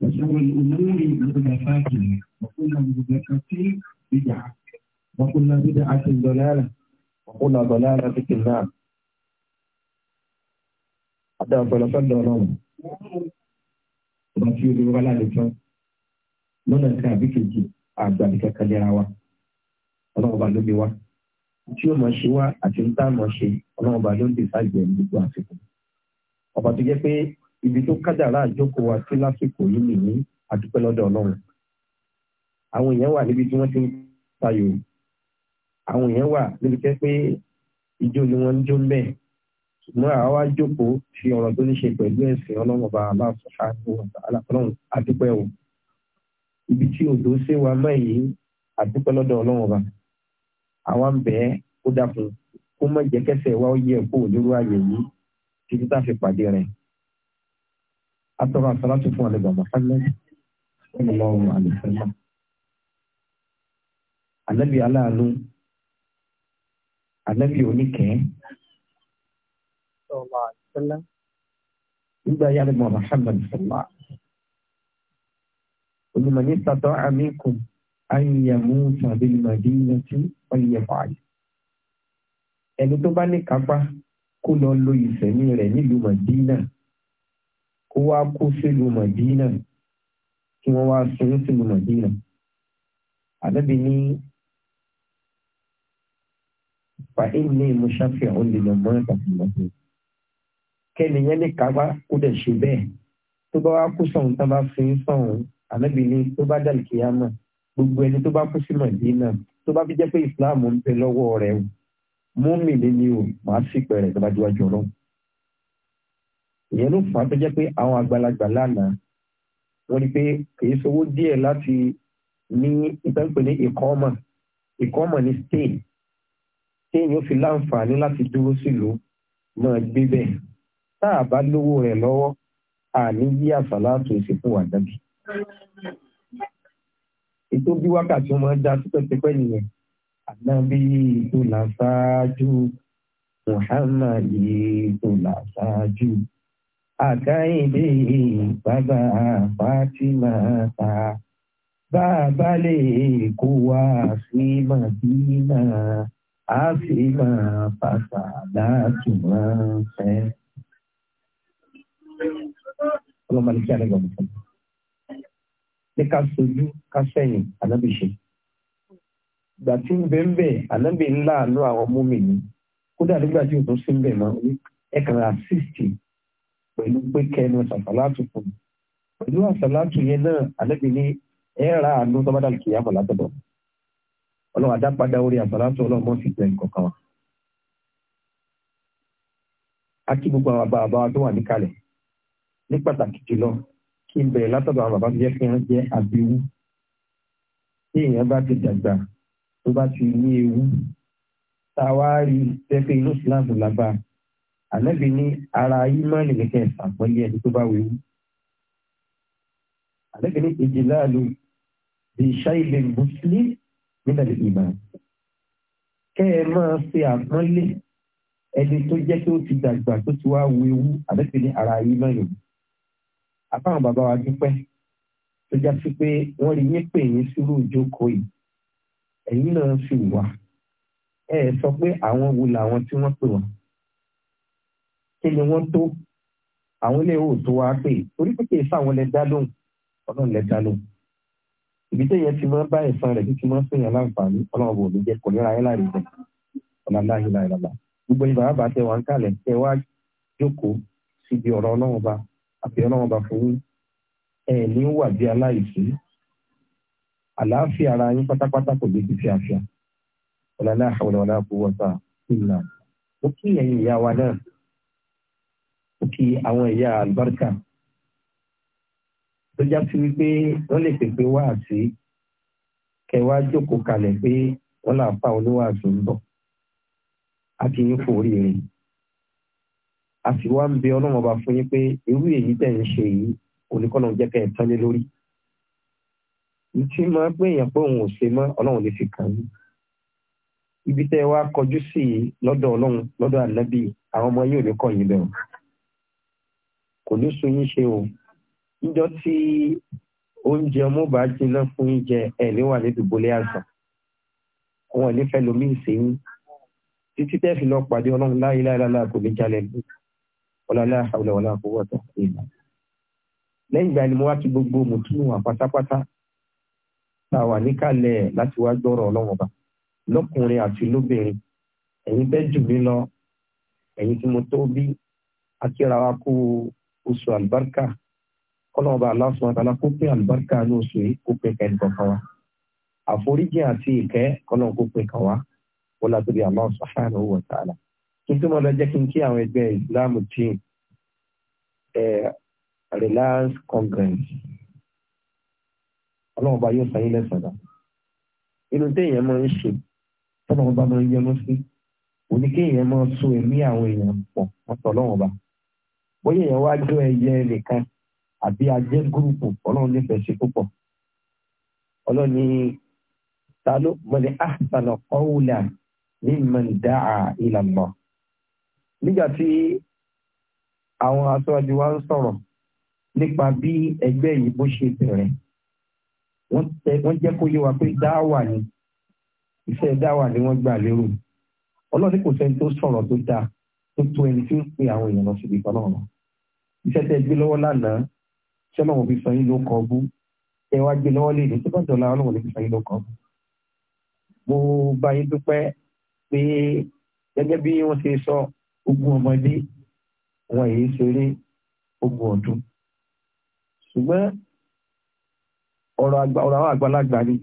وشر الأمور محدثاتها وكل محدثة بدعة وكل بدعة ضلالة وكل ضلالة في النار Adá ọ̀pọ̀lọpọ̀ lọ́rọ̀ ọba tí olówó wá láàrin tán lọ́nà kan àbí kejì àgbà nìkankan lera wa ọlọ́ọ̀ba ló lé wa tí ó mọ̀ ṣe wá àti ń tá mọ̀ ṣe ọlọ́ọ̀ba ló ń dè sáàjẹ̀ ní gbogbo àsìkò ibi tó kádàrá àjókòó wa sí lásìkò yìí nìyí àdúpẹ́ lọ́dọ̀ ọlọ́run àwọn èèyàn wà níbi tí wọ́n ti ń tayò àwọn èèyàn wà níbi tẹ́ pé ijó ni wọ́n ń jó mbẹ́ ṣùgbọ́n àwa wá jókòó fi ọ̀rọ̀ tó ní ṣe pẹ̀lú ẹ̀sìn ọlọ́run ọba aláṣọṣá ọlọ́run àdúpẹ́ o ibi tí odò ṣe wa mọ́ àdúpẹ́ lọ́dọ̀ ọlọ́run ọba àwa ń bẹ̀ kó dàpọ̀ kó má jẹ́ wa ó yẹ kó onírú àyè yìí títí tá a fi pàdé rẹ̀ atọ́ka àsálàtù fún àlẹ́gbà Muhammad sallallahu alaihi wasallam ànábì aláàánú ànábì oníkẹ́ nígbà yà àlẹ́gbà Muhammad sallallahu onímọ̀ ní sàtọ́ àmínkùn ayẹ̀mú tàbí màdínà tí wọ́n yẹ fàáyì ẹni tó bá ní kápá kó lọ lo ìfẹ̀mí rẹ̀ nílùú màdínà ó wá kó sílùú Mọ̀dínà tí wọ́n wá sun sílùú Mọ̀dínà ànábì ní fàáyìn ní mùsàfihàn olùlọ mọ́rin kàfin lọ́sẹ̀ kẹ́ni yẹn lè kápá kó dẹ̀ ṣe bẹ́ẹ̀ tó bá wá kó sọ̀hún tán bá fi ń sọ̀hún ànábì ní tó bá dàlù kíyámà gbogbo ẹni tó bá kó sí Mọ̀dínà tó bá fi jẹ́ pé ìsìláàmù ń bẹ lọ́wọ́ rẹ̀ o mú mi lé ní o màá sì pẹ̀rẹ̀ tó bá díwájú ọlọ́run ìyẹn ló fà á tó jẹ́ pé àwọn àgbàlagbà lánàá wọ́n rí pé kìí sowó díẹ̀ láti ní ìtànpẹ̀ ní ìkọ́mọ̀ ìkọ́mọ̀ ní spain spain yóò fi láǹfààní láti dúró sílùú náà gbé bẹ́ẹ̀ tá a bá lówó rẹ̀ lọ́wọ́ a yí àsàlátù ìsìnkú àdàbí. ètò bí wákàtí wọn dá tipẹ́tipẹ́ nìyẹn àná bí ìtòlà ṣáájú muhammad ìtòlà ṣáájú àkáyìndé bàbá Fatima ta bàbá lè kó wá sí Màdínà á sì máa pàṣà látùmọ̀ fẹ́. Nika kí alẹ́ gbọ́dọ̀ fún mi ní ká sojú ká sẹ́yìn ànábì ṣe. Ìgbà tí ń bẹ ń bẹ̀ ni. Kódà nígbà tí òtún sí ń mọ́, ẹ kàn án àsìsì pẹ̀lú pé kẹnu sàṣàlátù fún un pẹ̀lú àṣàlátù yẹn náà àlẹ́bí ní ẹ ra àánú tọ́bádà kì í àmọ̀ látọ̀dọ̀ ọlọ́run àdápadà orí àṣàlátù ọlọ́run mọ́ sí jẹ́ nǹkan kan wa. a kí gbogbo àwọn bàbá wa tó wà níkàlẹ̀ ní pàtàkì jùlọ kí n bẹ̀rẹ̀ látọ̀dọ̀ àwọn bàbá tó jẹ́ fi hàn jẹ́ àbíwú tí èèyàn bá ti dàgbà tó bá ti ní ewu táwa rí pẹ́pẹ́ ànábì ní ara ìmọ̀ọ́nì kẹ̀kẹ́ ìsàpọ̀lẹ́ ẹni tó bá wéwu. ànábì ní ìjìláàlú bí ṣáìlẹ̀ mùsùlùmí nígbàdí ìmọ̀. kẹ́ ẹ máa ṣe àpọ́nlé ẹni tó jẹ́ tó ti dàgbà tó ti wá wéwu ànábì ni ara ìmọ̀ọ́nì. àbáwọn bàbá wa dúpẹ́ tó já sí pé wọ́n rí yín pè yín sírú ìjókòó yìí ẹ̀yin náà sì wà ẹ sọ pé àwọn wo làwọn tí wọ́n pè wọ́n kí ni wọ́n tó àwọn ilé ò tó wá pè torí pé kìí sáwọn lẹ dá lóhùn ọlọ́run lẹ dá lóhùn ibi tó yẹ ti máa bá ẹ̀sán rẹ̀ títí máa ń sèyàn láǹfààní ọlọ́run bò ní jẹ́ kò nira ayé láàrin jẹ ọ̀làlá yìí láì lọ́la gbogbo yìí bàbá tẹ wà ń kalẹ̀ tẹ wá jókòó síbi ọ̀rọ̀ ọlọ́run ọba àti ọlọ́run ọba fún ẹ ní wà bí aláìsí àlàáfíà ara yín pátápátá kò gbé títí àfíà ọ̀làlá àwọn ọ̀làlá kò wọ́ta ìlà ó kí ẹ̀yìn ìyá wa náà kí àwọn ẹ̀yà àlùbáríkà tó já sí wípé wọ́n lè pèpè wá àti kẹwàá jókòó kalẹ̀ pé wọ́n là pa olówó àti ń bọ̀ àti yín fún oríire a sì wá ń bẹ ọlọ́run ọba fún yín pé irú èyí tẹ̀ ń ṣe yìí oníkọ́nà jẹ́ kẹ́ ẹ̀ tán lé lórí ìtì máa pé èèyàn pé òun ò ṣe mọ́ ọlọ́run lè fi kàn yín ibi tẹ́ wá kọjú sí lọ́dọ̀ ọlọ́run lọ́dọ̀ ànábì àwọn ọmọ yín ò ní kọ̀ yín bẹ́ẹ̀ kò ní sun yín ṣe o níjọ́ tí oúnjẹ ọmọ bá jiná fún oúnjẹ ẹ níwà ní dùbọlẹ àgbà wọn ní fẹẹ lomi ìsẹyìn títí tẹ́ fi lọ pàdé ọlọ́run láyé láyé kò ní jalè ní ọlọlá àwòlẹ ọlá àkọwọtọ ìlà lẹ́yìn ìgbà ni mo wá kí gbogbo mùtúmù wà pátápátá tá a wà níkàlẹ̀ láti wá gbọ́rọ̀ ọlọ́run ọba lọ́kùnrin àti lóbìnrin ẹ̀yin bẹ́ẹ̀ jù mí lọ ẹ̀yin tí mo tó bí akíra kú oṣù àlùbáríkà kọ́nà bá Allah subhanahu wa ta'ala kó pín àlùbáríkà ní oṣù yìí kó pín kẹ́ni kankan wa àforíjì àti ìkẹ́ kọ́nà kó pín kan wa ó látòrí Allah subhanahu wa ta'ala kí n tó máa lọ jẹ́ kí n kí àwọn ẹgbẹ́ Islam team Reliance Congress ọlọ́run yóò san yín lẹ́sàn inú téèyàn máa ń ṣe tọ́lọ́run máa ń yẹnu sí oníkéèyàn máa so ẹ̀mí àwọn èèyàn pọ̀ mọ́tọ́ ọlọ́run bóyá èèyàn wá jó ẹyẹ nìkan àbí ajé gúrùpù ọlọ́run nífẹ̀ẹ́ sí púpọ̀ ọlọ́run ní ta ló mọ̀lẹ́ ahsana qawlan mimman da'a ila Allah nígbà tí àwọn aṣáájú wa ń sọ̀rọ̀ nípa bí ẹgbẹ́ yìí bó ṣe bẹ̀rẹ̀ wọ́n jẹ́ kó yé wa pé dáwà ni iṣẹ́ dáwà ni wọ́n gbà lérò ọlọ́run kò sẹ́ni tó sọ̀rọ̀ tó dáa tó tó ẹni tí ó pe àwọn èèyàn lọ síbi ìtọ́ náà iṣẹ́ tẹ́ gbé lọ́wọ́ lánàá ṣé ọlọ́run fi sọ yín ló kọ bú ẹ wá gbé lọ́wọ́ léde tó bá dọ̀la ọlọ́run lè fi sọ yín ló kọ bú. mo bá yín dúpẹ́ pé gẹ́gẹ́ bí wọ́n ṣe sọ ogún ọmọdé wọn èyí ṣeré ogún ọdún ṣùgbọ́n ọ̀rọ̀ àwọn àgbàlagbà ni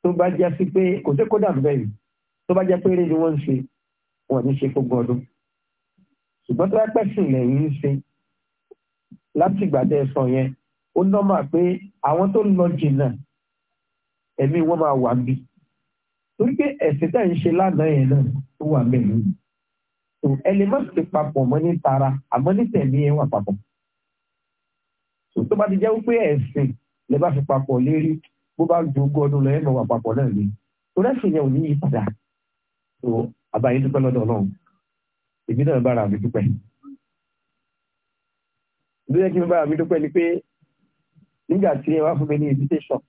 tó bá jẹ́ sí pé kò sí kódà bẹ́ẹ̀ tó bá jẹ́ pé ni wọ́n ń ṣe wọ́n ní ṣe kó gbọ́dọ̀ ṣùgbọ́n tó pẹ́ sùn lẹ́yìn ń ṣe láti ìgbà tẹ́ ẹ sọ yẹn ó nọ́mà pé àwọn tó lọ jìnnà ẹ̀mí wọn máa wà bí torí pé ẹ̀sìn tẹ̀ ń ṣe lánàá yẹn náà tó wà mẹ́rin tó ẹni má ti papọ̀ mọ́ ní tara àmọ́ ní tẹ̀mí yẹn wà papọ̀ tó bá ti jẹ́ wípé ẹ̀sìn lè bá fi papọ̀ lérí bó bá ju ogún ọdún lọ ẹ̀ mọ̀ wà papọ̀ náà ni torí ẹ̀sìn yẹn ò ní yí padà àbáyé dúpẹ́ lọ́dọ̀ ọlọ́run èmi náà bára mi dúpẹ́ ló yẹ kí n bára mi dúpẹ́ ni pé nígbà tí ẹ wá fún mi ní invitation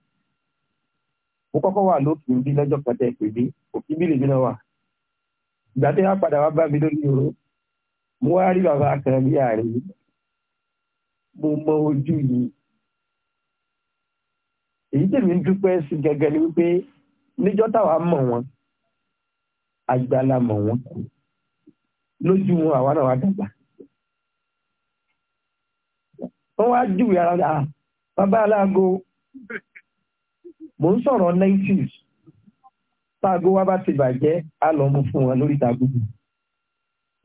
mo kọ́kọ́ wà lókè bí lọ́jọ́ kan tẹ́ pè mí òkè bí lèmi náà wà ìgbà tí wọ́n padà wá bá mi lórí oró mo wá rí bàbá kan bí ààrẹ yìí mo mọ ojú yìí èyí tèmi ń dúpẹ́ sí gẹ́gẹ́ ni wípé níjọ́ táwa mọ̀ wọn agbálamọ̀ wọn lójú wọn àwa náà wá dàgbà wọ́n wá júwèé ara rẹ̀ bàbá aláàgó mò ń sọ̀rọ̀ 90s táàgó wa bá ti bàjẹ́ á lọ mú fún wọn lórí tàgùgù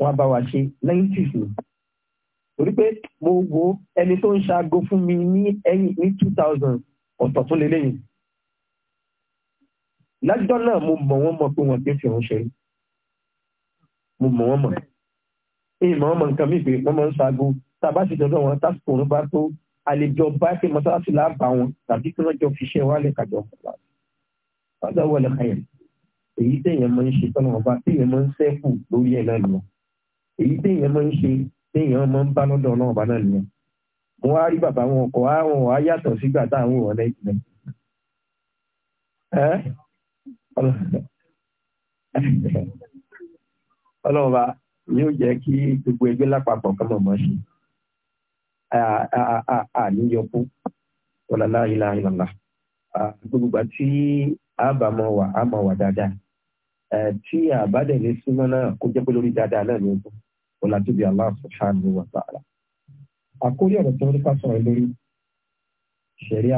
wọn bá wa ṣe 90 ni torí pé mo wo ẹni tó ń ṣaago fún mi ní ẹ̀yìn ní 2000 ọ̀tọ̀ tó lélẹ́yìn lájọ́ náà mo mọ̀ wọ́n mọ̀ pé wọ́n ti fi òun ṣe mo mọ̀ wọ́n mọ̀ ìyìn mọ̀ wọ́n mọ̀ nǹkan mí pé wọ́n mọ̀ ń ṣaago tàbá sì dọ́dọ̀ wọn tásìkò òun bá tó àlejò bá ṣe mọ́sálásí láàbà wọn tàbí kí wọ́n jọ fi ṣe wálé kàjọ kọ̀ọ̀lá ọ̀dọ̀ wọlé kayẹ̀ èyí téèyàn máa ń ṣe tọ́nà ọba téèyàn máa ń sẹ́kù lórí ẹ̀ náà lọ èyí téèyàn máa ń ṣe téèyàn máa ń bá lọ́dọ̀ náà ọba náà lọ mo wá rí bàbá wọn ọkọ̀ àwọn ọ̀ ọlọ́run bá yóò jẹ́ kí gbogbo ẹgbẹ́ lápapọ̀ kan mọ̀ mọ́ sí àníyọkú ọ̀làlá ìlà ìlànà gbogbo tí a wà àmọ̀ wà dáadáa tí àbádẹ̀ lè súnmọ́ náà kó jẹ́ pé lórí dáadáa náà ni ọ̀là tóbi wa ta'ala. àkórí ọ̀rọ̀ tí wọ́n ní ká sọ̀rọ̀ lórí ṣẹ̀rí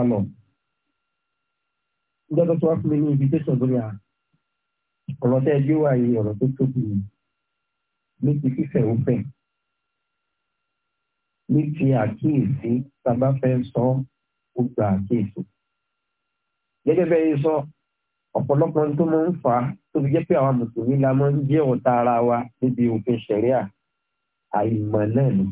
lọ́dọ̀ tó wá fún mi ní ibi tẹ̀sán lórí à ọ̀rọ̀ tẹ́ ẹgbẹ́ wà yìí ọ̀rọ̀ tó tóbi ni ní ti fífẹ̀ òfẹ̀ ní ti àkíyèsí tàbá fẹ́ sọ ó gba àkíyèsí. gẹ́gẹ́ bẹ́ẹ̀ sọ ọ̀pọ̀lọpọ̀ tó máa ń fà á tó fi jẹ́ pé àwọn mùsùlùmí la máa ń jẹ́ ọ̀tá ara wa níbi òfin ṣẹ̀ríà àìmọ̀ náà ni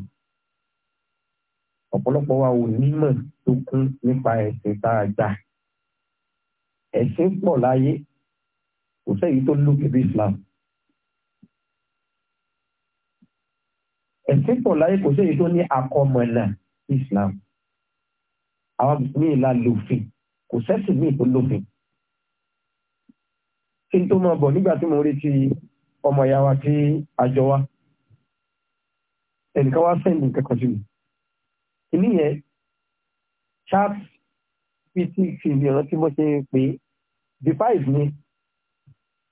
ọ̀pọ̀lọpọ̀ wa ò nímọ̀ tó kún nípa ẹ̀sìn tá a gbà. Ese pọ̀ láyé kò sẹ́yìn tó lókè Islam Ese pọ̀ láyé kò ni tó ní Islam àwọn míì la lufi kò sẹ́sìn míì tó lófin kí n tó máa bọ̀ nígbà tí mo retí ọmọ wa tí a jọ wá ẹnìkan wá sẹ́yìn nǹkan kan fi tí fi lè rántí bó ṣe pé the five ni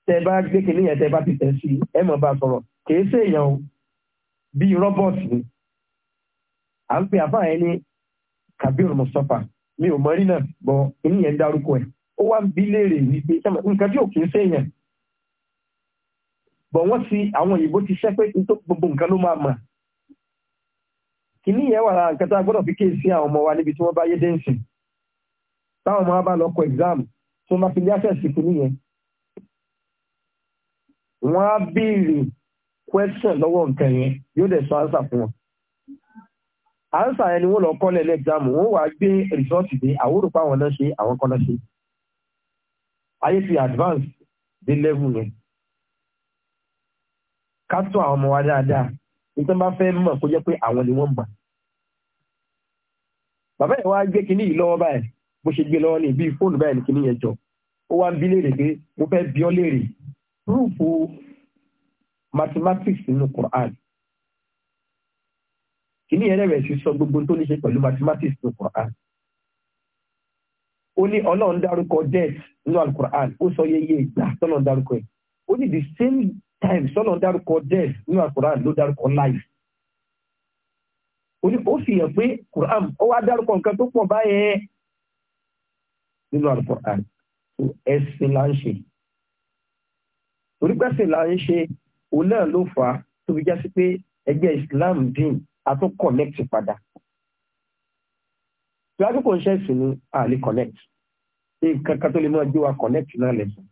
tẹ bá gbé kínní yẹn tẹ bá ti tẹ̀ sí ẹ mọ̀ bá sọ̀rọ̀ kìí ṣe èèyàn o bíi rọ́bọ̀tì ni à ń pè àfáà yẹn ní Kabir Mustapha mi ò mọ rí náà bọ kínní yẹn dárúkọ ẹ̀ ó wá ń bi léèrè wípé nǹkan tí ò kìí ṣe èèyàn bọ̀ wọ́n ti àwọn òyìnbó ti ṣẹ́ pé gbogbo nǹkan ló máa mọ̀ kínní yẹn wà lára nǹkan tó a gbọ́dọ̀ fi kéèsì àwọn ọmọ wa níbi tí wọ́n bá yé dẹ́ǹsìn táwọn ọmọ bá lọ kọ exam tó máa fi yáṣẹ̀ ṣìkú nìyẹn wọ́n á béèrè question lọ́wọ́ nǹkan yẹn yóò dẹ̀ sọ answer fún wọn answer yẹn ni wọ́n lọ kọ́lẹ̀ ní exam wọ́n wàá gbé result dé àwòrán pa àwọn náà ṣe àwọn kan náà ṣe ayé ti advance dé level yẹn ká tún àwọn ọmọ wa dáadáa nítorí bá fẹ́ mọ̀ kó jẹ́ pé àwọn ni wọ́n mọ̀ bàbá yẹn wá gbé kinní yìí lọ́wọ́ báyìí bó ṣe gbé lọ́wọ́ ní bíi fóònù báyìí ní kíní yẹn jọ ó wá ń bí léèrè pé mo fẹ́ bí ọ léèrè rúùfù mathematics nínú Quran kíní yẹn rẹ̀ sì sọ gbogbo tó ní ṣe pẹ̀lú mathematics nínú Quran ó ní ọlọ́run dárúkọ death nínú alukur'an ó sọ yeye ìgbà tọ́lọ́run dárúkọ ẹ̀ ó ní the same time tọ́lọ́run dárúkọ death nínú alukur'an ló dárúkọ life ó ní ó fi hàn pé Quran ó wá dárúkọ nǹkan tó pọ̀ báyẹn nínú Al-Qur'an tó ẹ̀sìn là ń ṣe torí pẹ́sìn ń ṣe òun náà ló fà tó fi já sí pé ẹgbẹ́ Islam dín a tún connect padà tíwájú kò ń ṣe ìsìn ní àlè connect nǹkan kan tó lè máa gbé wa connect náà lẹ́sìn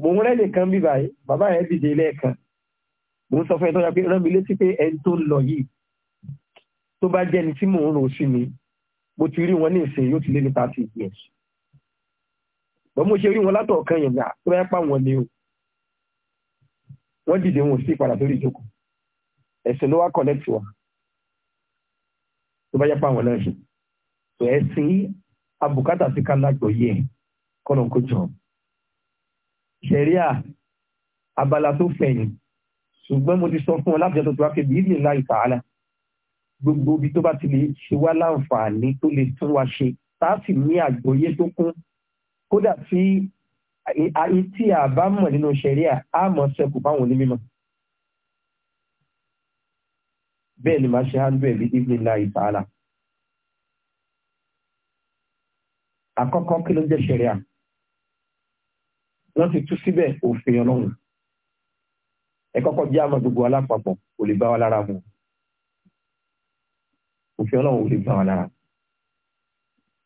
mò ń rẹ́ nìkan bí báyìí bàbá yẹn dìde lẹ́ẹ̀kan mò ń sọ fún ẹ tó yà pé rán mi létí pé ẹni tó ń lọ yìí tó bá jẹ́ni tí mò ń rò sí mi mo ti rí wọn ní ìsìn yóò ti lé ní thirty years bọ́n mo ṣe rí wọn látọ̀ọ̀kan yẹn gbà tó yẹ pa wọn ni o wọ́n dìde wọn ò sí padà sórí ìjókòó ẹ̀sìn ló wá connect wa tó bá yẹ pa wọn náà ṣe tó ẹ̀sìn abùkátà sí ká lágbọ̀ kọ́nà kó jọ ṣẹ̀ríà abala tó fẹ̀yìn ṣùgbọ́n mo ti sọ fún ọ láti ọjọ́ tó wá pé bíi ní láì gbogbo ibi tó bá ti lè ṣe wá láǹfààní tó lè tún wa ṣe tá a sì ní àgbọ́yé tó kún kódà tí tí a bá mọ̀ nínú ṣẹ̀ríà á mọ̀ ṣẹ́kù fáwọn onímọ̀. bẹ́ẹ̀ ni màá ṣe handle ẹ̀ bí ìdílé ìtààlà. àkọ́kọ́ kí ló jẹ́ ṣẹ̀ríà wọ́n ti tú síbẹ̀ òfin ọlọ́run ẹ̀kọ́kọ́ jẹ́ àmọ́ gbogbo alápapọ̀ kò lè bá wa lára mu òfin ọlọ́run ò lè gbà wá lára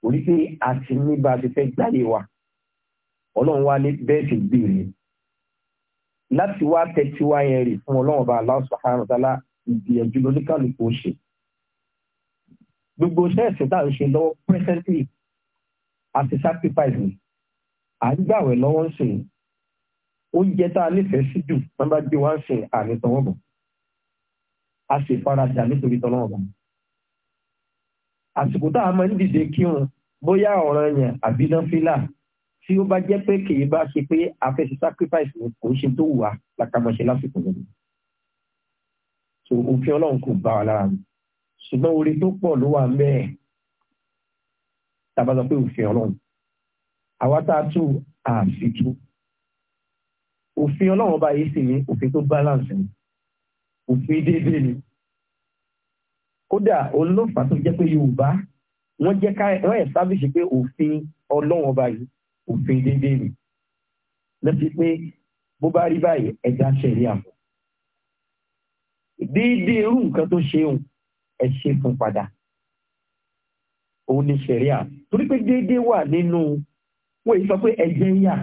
orí pé a ti ní bá a ti fẹ́ gbáyé wa ọlọ́run wá ní bẹ́ẹ̀ ti gbèrè e láti wá tẹ́tí wá yẹn rè fún ọlọ́run bá Allah subhanahu wa ta'ala ìgbìyànjú lóníkàlùkù ó ṣe gbogbo iṣẹ́ ẹ̀sìn tá à ń ṣe lọ́wọ́ presently àti sacrifice ni à ń gbàwẹ̀ lọ́wọ́ ń sìn oúnjẹ tá a nífẹ̀ẹ́ sí jù wọ́n bá gbé wá ń sìn àní tọwọ́ bọ̀ a sì fara dà nítorí tọ́lọ́wọ́ bọ̀ àsìkò tá a máa ń dìde kírun bóyá ọ̀ràn yẹn àbí náfìlà tí ó bá jẹ́ pé kì í bá ṣe pé a fẹ́ ṣe sacrifice ni kò ń ṣe tó wà lákàmọ̀ṣe lásìkò yẹn. so òfin ọlọ́run kò bá wa lára mu ṣùgbọ́n orí tó pọ̀ ló wà ń bẹ́ẹ̀ pé òfin ọlọ́run àwa tá a tú àfitú òfin ọlọ́run ọba yìí sì ni òfin tó balance ni òfin déédéé ni kódà olófà tó jẹ́ pé yorùbá wọ́n jẹ́ ká wọ́n ẹ̀sábìsì pé òfin ọlọ́wọ́n ọba yìí òfin déédéé ni lọ́sí pé bó bá rí báyìí ẹja ṣẹlẹ̀ àmọ́ déédéé irú nǹkan tó ṣe òun ẹ ṣe fún padà òun ni ṣẹ̀ríà torí pé déédéé wà nínú wọ́n yìí sọ pé ẹ̀jẹ̀ ń yà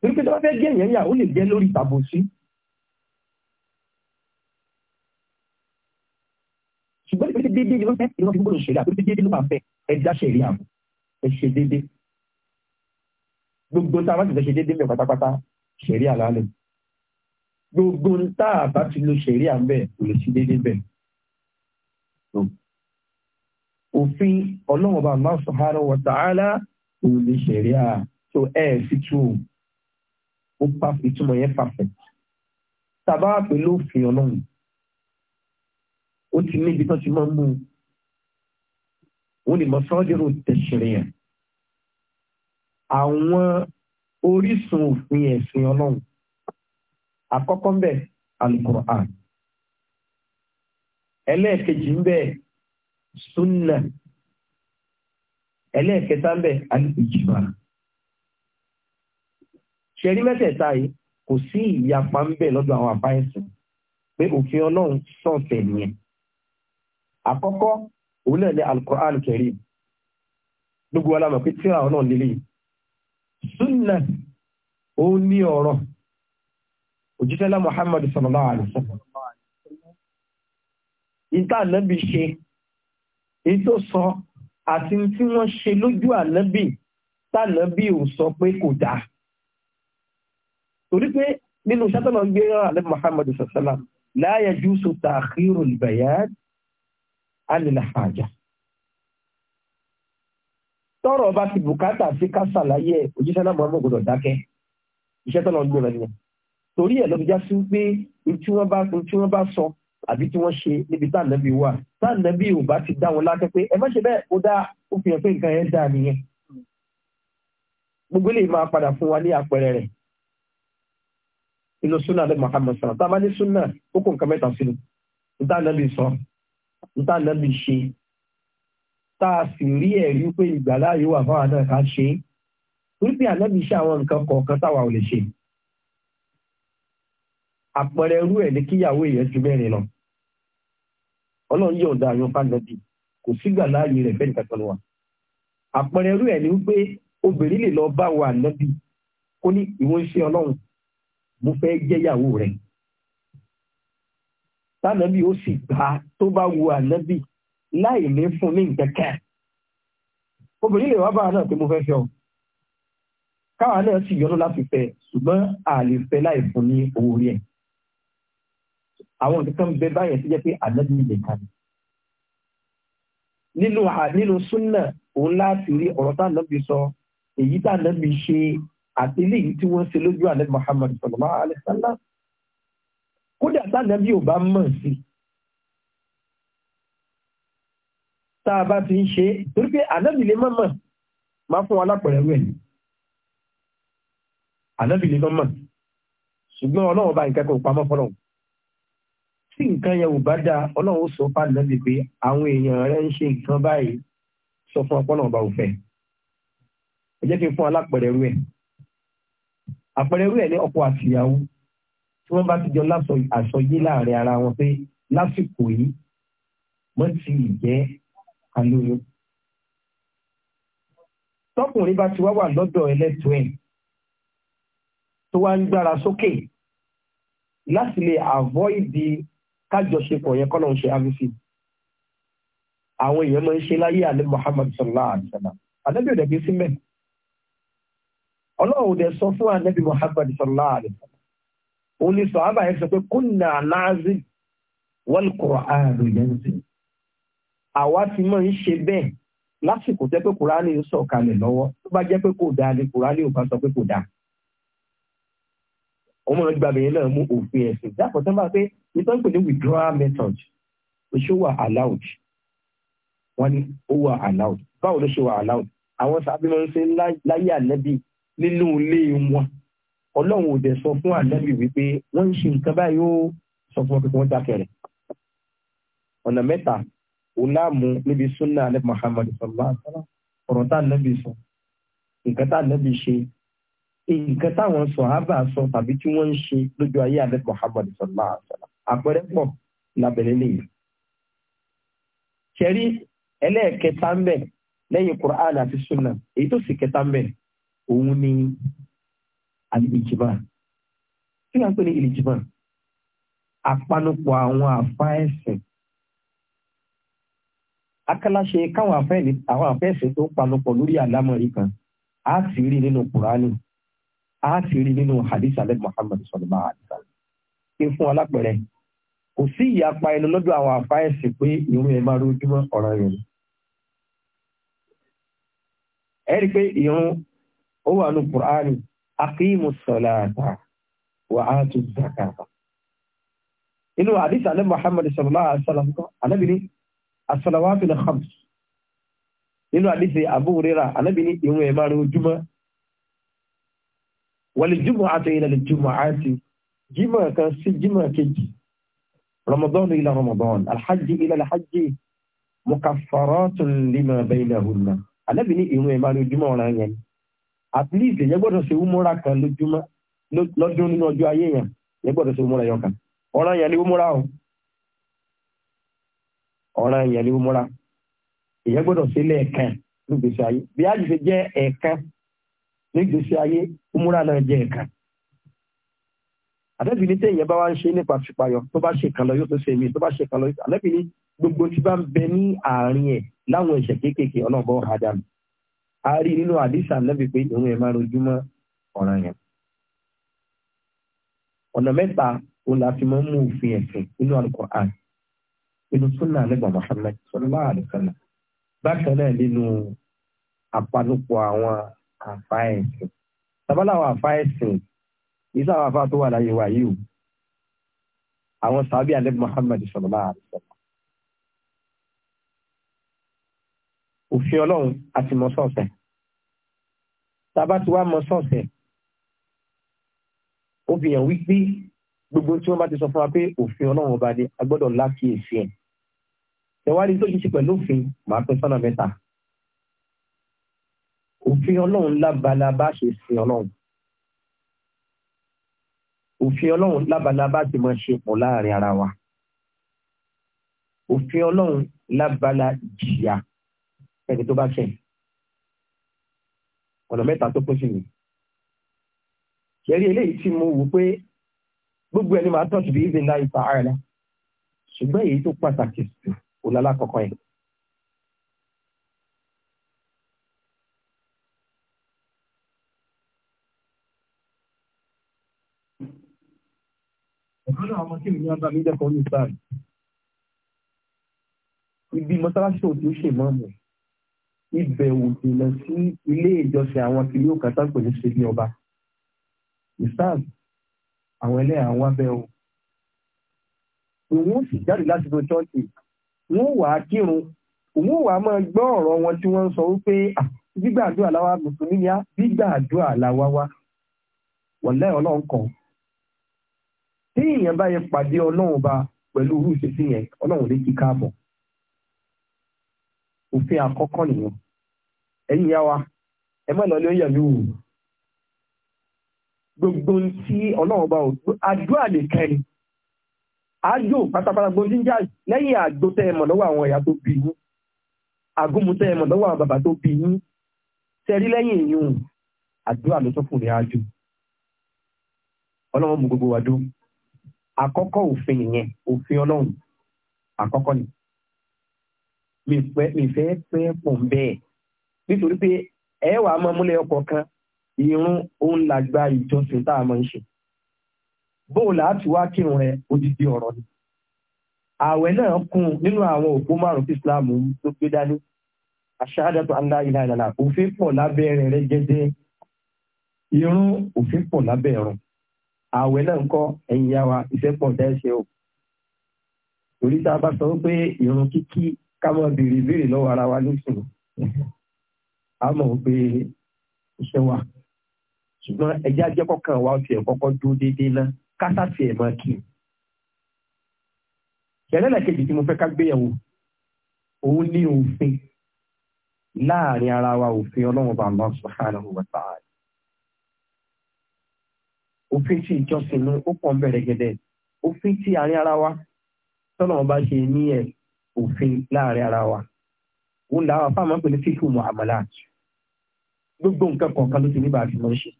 torí pé tí wọ́n fẹ́ gé èèyàn yà ó lè jẹ́ lórí tàbùsí déédéé ni wọ́n fẹ́ ìwọ́n fi gbọ́dọ̀ ṣẹlẹ̀ àti déédéé ló máa fẹ́ ẹ dá ṣẹlẹ̀ àmọ́ ẹ ṣe déédéé gbogbo tá a bá ti fẹ́ ṣe déédéé mẹ́ pátápátá ṣẹlẹ̀ àlálẹ̀ gbogbo tá a bá ti lo ṣẹlẹ̀ àmọ́ kò lè ṣe déédéé bẹ́ẹ̀. òfin ọlọ́run ọba máa subhanahu wa ta'ala kò lè ṣẹlẹ̀ à so ẹ fi tú o ó pa ìtumọ̀ yẹn pàfẹ́ tàbá pẹ̀lú òfin ọlọ́run ó ti níbi tó ti máa ń mú wọn ni mọ́sọ́dẹ̀rù tẹ̀sírẹ̀ yẹn àwọn orísun òfin ẹ̀sìn ọlọ́run àkọ́kọ́ ń bẹ alukur'an ẹlẹ́ẹ̀kejì ń bẹ sunna ẹlẹ́ẹ̀kẹta ń bẹ alìjìmá ṣẹ̀rí mẹ́tẹ̀ẹ̀ta yìí kò sí ìyapa ń bẹ lọ́dọ̀ àwọn àbáyẹ̀sìn pé òfin ọlọ́run sọ̀tẹ̀ nìyẹn àkọ́kọ́ òun náà ni alukur'an karim gbogbo wa la mọ̀ pé tíra ọ̀nà lélẹ̀ sunna ó ní ọ̀rọ̀ òjíṣẹ́lá muhammadu sallallahu alaihi wasallam ìta ànábì ṣe èyí tó sọ àti tí wọ́n ṣe lójú ànábì tànábì ò sọ pé kò torí pé nínú sátọ́nà ń gbé rán ànábì muhammadu sallallahu alaihi wasallam la yajuzu ta'khirul bayan alìlàhàjà tọ́rọ̀ bá ti bùkátà sí kásàlàyé òjíṣẹ́ náà mọ́ gbọ́dọ̀ dákẹ́ iṣẹ́ tọ́lọ ń gbọ́dọ̀ nìyẹn torí ẹ̀ lọ́dún já sí pé tí wọ́n bá tí wọ́n bá sọ àbí tí wọ́n ṣe níbi tá ànábì wà tá ànábì ò bá ti dá wọn lákẹ́ pé ẹ má ṣe bẹ́ẹ̀ ó dá ó fi hàn pé nǹkan yẹn dáa nìyẹn gbogbo eléyìí máa padà fún wa ní àpẹẹrẹ rẹ̀ inú súnà lẹ́ Muhammad tá a bá ní súnà ó kó nǹkan mẹ́ta sínú ìdá ànábì sọ níta lẹ́bi ṣe tá a sì rí ẹ̀rí pé ìgbàlá yóò wà fáwọn náà ká ṣe é torí pé ànábì ṣe àwọn nǹkan kọ̀ọ̀kan táwa ò lè ṣe àpẹẹrẹ irú ẹ̀ ní kíyàwó èèyàn ju mẹ́rin lọ ọlọ́run yọ̀ǹda àyàn fánàbì kò sígbà láàyè rẹ̀ fẹ́ẹ̀ nìkan lọ wa àpẹẹrẹ irú ẹ̀ ni wípé obìnrin lè lọ bá wa ànábì kó ní ìwọ iṣẹ́ ọlọ́run mo fẹ́ jẹ́yàwó rẹ̀ tánàbí ó sì gbà tó bá wu ànábì láì ní fún ní nkẹkẹ obìnrin lè wá bá náà pé mo fẹ́ fẹ́ ọ káwa náà sì yọdún láti fẹ́ ṣùgbọ́n àlè fẹ́ láì fún ní owó rí ẹ̀ àwọn nǹkan bẹ báyẹn ti jẹ́ pé ànábì lè kàn nínú nínú súnà òun láti rí ọ̀rọ̀ tá sọ èyí tá ṣe àti tí wọ́n ṣe lójú ànábì Muhammad sallallahu alaihi wasallam kódà tánàbí ò bá mọ̀ sí tá a bá ti ń ṣe torí pé ànábì lè mọ̀mọ̀ máa fún wa lápẹ̀rẹ̀ rẹ̀ ni ànábì lè mọ̀mọ̀ ṣùgbọ́n ọlọ́run bá nǹkan kan pamọ́ fọlọ́run tí nǹkan yẹn ò bá dáa ọlọ́run ó sọ fún ànábì pé àwọn èèyàn rẹ̀ ń ṣe nǹkan báyìí sọ fún ọpọ́nà ọba òfẹ́ ẹ jẹ́ kí n fún alápẹ̀rẹ̀ rẹ̀ àpẹẹrẹ rẹ̀ ní ọkọ àtìyàwó tí wọ́n bá ti jọ àsọyé láàrin ara wọn pé lásìkò yìí wọ́n ti jẹ́ alóyún. tọkùnrin bá ti wá wà lọ́dọ̀ ẹlẹ́tọ̀ọ́ ẹ̀ tó wá ń gbára sókè láti lè àvọ́ìdì kájọṣepọ̀ yẹn kọ́ ló ń ṣe avc àwọn èèyàn máa ń ṣe láyé àlẹ́ Muhammad sallallahu alaihi wa sallam ànábì ò dẹ̀ bí símẹ̀ ọlọ́run ò dẹ̀ sọ fún ànábì Muhammad sallallahu alaihi wa sallam òun ni sọ̀hábà yẹn sọ pé kúnnà náàzì wọ́n kọ̀rọ̀ ààrùn yẹn sí. àwa ti máa ń ṣe bẹ́ẹ̀ lásìkò tẹ́ pé kùránì ń sọ̀kalẹ̀ lọ́wọ́ tó bá jẹ́ pé kò dáa ni kùránì ò bá sọ pé kò dáa. ọmọ ìgbàgbọ́ yẹn náà mú òfin ẹ̀sìn dápò tó ń bá pé nítorí pé ní withdrawal method ṣé ó wà allowed wọ́n ní ó wà allowed báwo ló ṣe wà allowed àwọn sábẹ́ máa ń ṣe láyé ànẹ́bí nínú ilé wọn ọlọ́run ò dẹ̀ sọ fún ànábì wípé wọ́n ń ṣe nǹkan báyìí ó sọ fún ọkùnrin wọn dákẹ́rẹ̀ ọ̀nà mẹ́ta òun láàmú níbi súnà alẹ́ Muhammad sallallahu alaihi wasallam ọ̀rọ̀ tá ànábì sọ nǹkan tá ànábì ṣe nǹkan táwọn sọ̀hábà sọ tàbí tí wọ́n ń ṣe lójú ayé alẹ́ Muhammad sallallahu àpẹẹrẹ pọ̀ lábẹ́lẹ́ lè ṣẹ́rí ẹlẹ́ẹ̀kẹta ń bẹ̀ lẹ́yìn Qur'an àti súnà èyí tó sì kẹta ń bẹ̀ òun ni àlìjìbà kí ni a ń pè ní ìlìjìbà àpanupọ̀ àwọn àfa ẹ̀sìn akálàṣe káwọn àfa ẹ̀sìn tó panupọ̀ lórí àlámọ̀rí kan a ti rí nínú kùránì a ti rí nínú hadith alẹ́ Muhammad sallallahu alaihi wasallam kí fún alápẹ̀rẹ̀ kò sí ìyapa ẹnu lọ́dọ̀ àwọn àfa ẹ̀sìn pé ìrun ẹ̀ máa rojúmọ́ ọ̀ràn rẹ̀ ẹ rí i pé ìrun ó wà ní kùránì aqimu salata wa atu zakata inú hadith alẹ́ muhammad sallallahu alaihi wasallam kọ́ anábì ní as-salawatu al-khams nínú hadith abu huraira anábì ní ìrun ẹ̀ márùn ojúmọ́ walijumu'atu ila aljumu'ati jímọ̀ kan sí jímọ̀ kejì رمضان إلى رمضان الحج إلى الحج مكفرات لما بينهن أنا بني إنه يمالو جمع ولا يعني at least èyàn gbọ́dọ̀ ṣe umura kan lójúmọ́ lọ́dún nínú ọjọ́ ayé yẹn èyàn gbọ́dọ̀ ṣe umura yọkan ọ̀ràn yẹn ni umura o ọ̀ràn yẹn ni umura èyàn gbọ́dọ̀ ṣe lẹ́ẹ̀kan nígbèsè ayé bí ájì ṣe jẹ́ ẹ̀ẹ̀kan nígbèsè ayé umura náà jẹ́ ẹ̀ẹ̀kan àdẹ́bí ní téèyàn bá wá ń ṣe nípa fìpayọ tó bá ṣe kan lọ yóò tó ṣe mí tó bá ṣe kan lọ yóò tó àdẹ́bí ní gbogbo tí bá ń bẹ ní àárín ẹ̀ láwọn ìṣẹ̀ kéékèèké ọlọ́ọ̀bọ̀ ọ̀hádà a rí nínú àdísà nẹ́bí pé òun ẹ̀ máa rojúmọ́ ọ̀ràn yẹn ọ̀nà mẹ́ta òun la fi máa ń mú òfin ẹ̀sìn nínú Al-Qur'an nínú súnà nígbà Muhammad sallallahu alaihi wasallam bákan náà nínú àpanupọ̀ àwọn àfa ẹ̀sìn sábàlá àwọn àfa ẹ̀sìn iṣẹ́ àwọn àfa tó wà láyé wa yìí o àwọn sàbí alẹ́ Muhammad sallallahu alaihi wasallam òfin ọlọ́run àti mọ́sọ̀ọ̀sẹ̀ tàbá ti wá mọ sọ̀sẹ̀ ó fi hàn wípé gbogbo tí wọ́n bá ti sọ fún wa pé òfin ọlọ́run ọba ni a gbọ́dọ̀ lákìyèsí ẹ̀ tẹ̀wárí tó ṣiṣẹ́ pẹ̀lú òfin màá pín sọ́nà mẹ́ta òfin ọlọ́run lábala bá ṣe sin ọlọ́run òfin ọlọ́run lábala bá ti mọ ṣe pọ̀ láàrin ara wa òfin ọlọ́run lábala jìyà ẹni tó bá ṣẹ̀yìn ọ̀nà mẹ́ta tó pín sí ni ṣẹ́rí eléyìí tí mo wò pé gbogbo ẹni máa tọ́jú bí ibi ńlá ipa ara rẹ̀ ṣùgbọ́n èyí tó pàtàkì sí òlàlá kọ̀ọ̀kan yẹn. ọ̀kan náà ọmọ tí mi ní wọn bá mi dẹ́kọ̀ọ́ ní ibi mọ́sálásí òtún ṣèmọ́ọ̀mù ẹ̀ ìbẹ̀wò jìnnà sí ilé ìjọsìn àwọn kìlí òkàtà pè ní ṣe bí ọba islam àwọn ẹlẹ́yà ń wá bẹ́ẹ̀ o òun ó sì jáde láti tó chọ́ọ̀tì wọn ò wá kírun òun ò wá máa gbọ́ ọ̀rọ̀ wọn tí wọ́n sọ wípé gbígbàdúrà làwa mùsùlùmí ni á gbígbàdúrà làwa wá wọ̀lẹ́ ọlọ́run kan tí èèyàn bá yẹ pàdé ọlọ́run ba pẹ̀lú irú ìṣesí yẹn ọlọ́run lè kí káàbọ̀ òfin àkọ́kọ́ nìyẹn ẹ̀yin ìyá wa ẹ má lọ lé oúnjẹ mi wù gbogbo tí ọlọ́run bá àdúrà lè kẹrin àjò pátápátá gbogbo jíjà lẹ́yìn àgbo tẹ́ ẹ mọ̀ lọ́wọ́ àwọn ìyá tó bí yín àgúnmu tẹ́ ẹ mọ̀ lọ́wọ́ àwọn bàbá tó bí yín tẹ́rí lẹ́yìn ìyún àdúrà ló tún fún ní àjò ọlọ́run mú gbogbo wa dó àkọ́kọ́ òfin ìyẹn òfin ọlọ́run àkọ́kọ́ ni mi fẹ́ pẹ́ pọ̀ bẹ́ẹ̀ nítorí pé ẹ wà á máa múlẹ̀ ọkọ̀ kan irun òun làgbà ìjọsìn tá a máa ń ṣe bóòlù àti wá kírun rẹ odidi ọ̀rọ̀ ni ààwẹ̀ náà kún nínú àwọn òpó márùn-ún tí Islam tó gbé dání aṣáájú ńlá ilá ìlànà òfin pọ̀ lábẹ́ rẹ̀ rẹ jẹ́jẹ́ irun òfin pọ̀ lábẹ́ ẹ̀rùn ààwẹ̀ náà ń kọ́ ẹ̀yìn yá wa iṣẹ́ pọ̀ dẹ́ṣẹ̀ o torí tá a bá sọ pé irun kíkí ká máa béèrè ìbéèrè lọ́wọ́ ara wa lóṣù a mọ̀ pé iṣẹ́ wà ṣùgbọ́n ẹja jẹ́ kọ́kàn wa tiẹ̀ kọ́kọ́ dúró déédéé ná kásá tiẹ̀ máa kì í. ìyàlẹ́lẹ̀ kejì tí mo fẹ́ ká gbéyàwó òun ní òfin láàrin ara wa òfin ọlọ́run bá Allah subhanahu wa ta'ala. òfin tí ìjọsìn ní ó pọ̀ ń bẹ̀rẹ̀ gẹ́dẹ́ òfin tí àárín ara wa tọ́lọ́run bá ṣe ní ẹ̀ òfin láàrin ara wa. òun làwọn afáàmọ́ pè ní fífò muamalat àti gbogbo nǹkan kọ̀ọ̀kan ló ti ní bá a fi mọ́ ṣe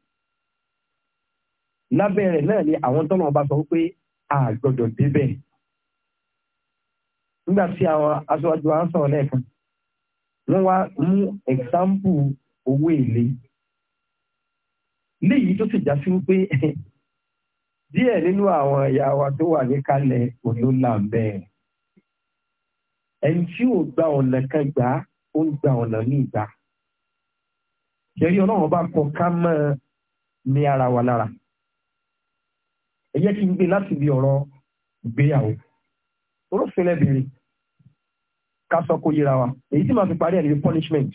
lábẹ́ rẹ̀ náà ni àwọn tọ́nà ọba sọ pé a gbọ́dọ̀ débẹ̀ nígbà tí àwọn aṣáájú wa ń sọ̀rọ̀ lẹ́ẹ̀kan wọ́n wá mú ẹ̀sáǹpù owó èlé léyìí tó sì já sí wípé díẹ̀ nínú àwọn ìyá wa tó wà ní kalẹ̀ òní là ń bẹ̀ ẹni tí ò gba ọ̀nà kan gbà ó ń gba ọ̀nà ní ìgbà ṣẹ̀rí ọlọ́run bá kọ ká mọ́ ẹ ní ara wa lára ẹ jẹ́ kí n gbé láti bí ọ̀rọ̀ ìgbéyàwó orófẹ́lẹ́ bèrè ká sọ kó yíra wa èyí tí màá fi parí ẹ̀ ní punishment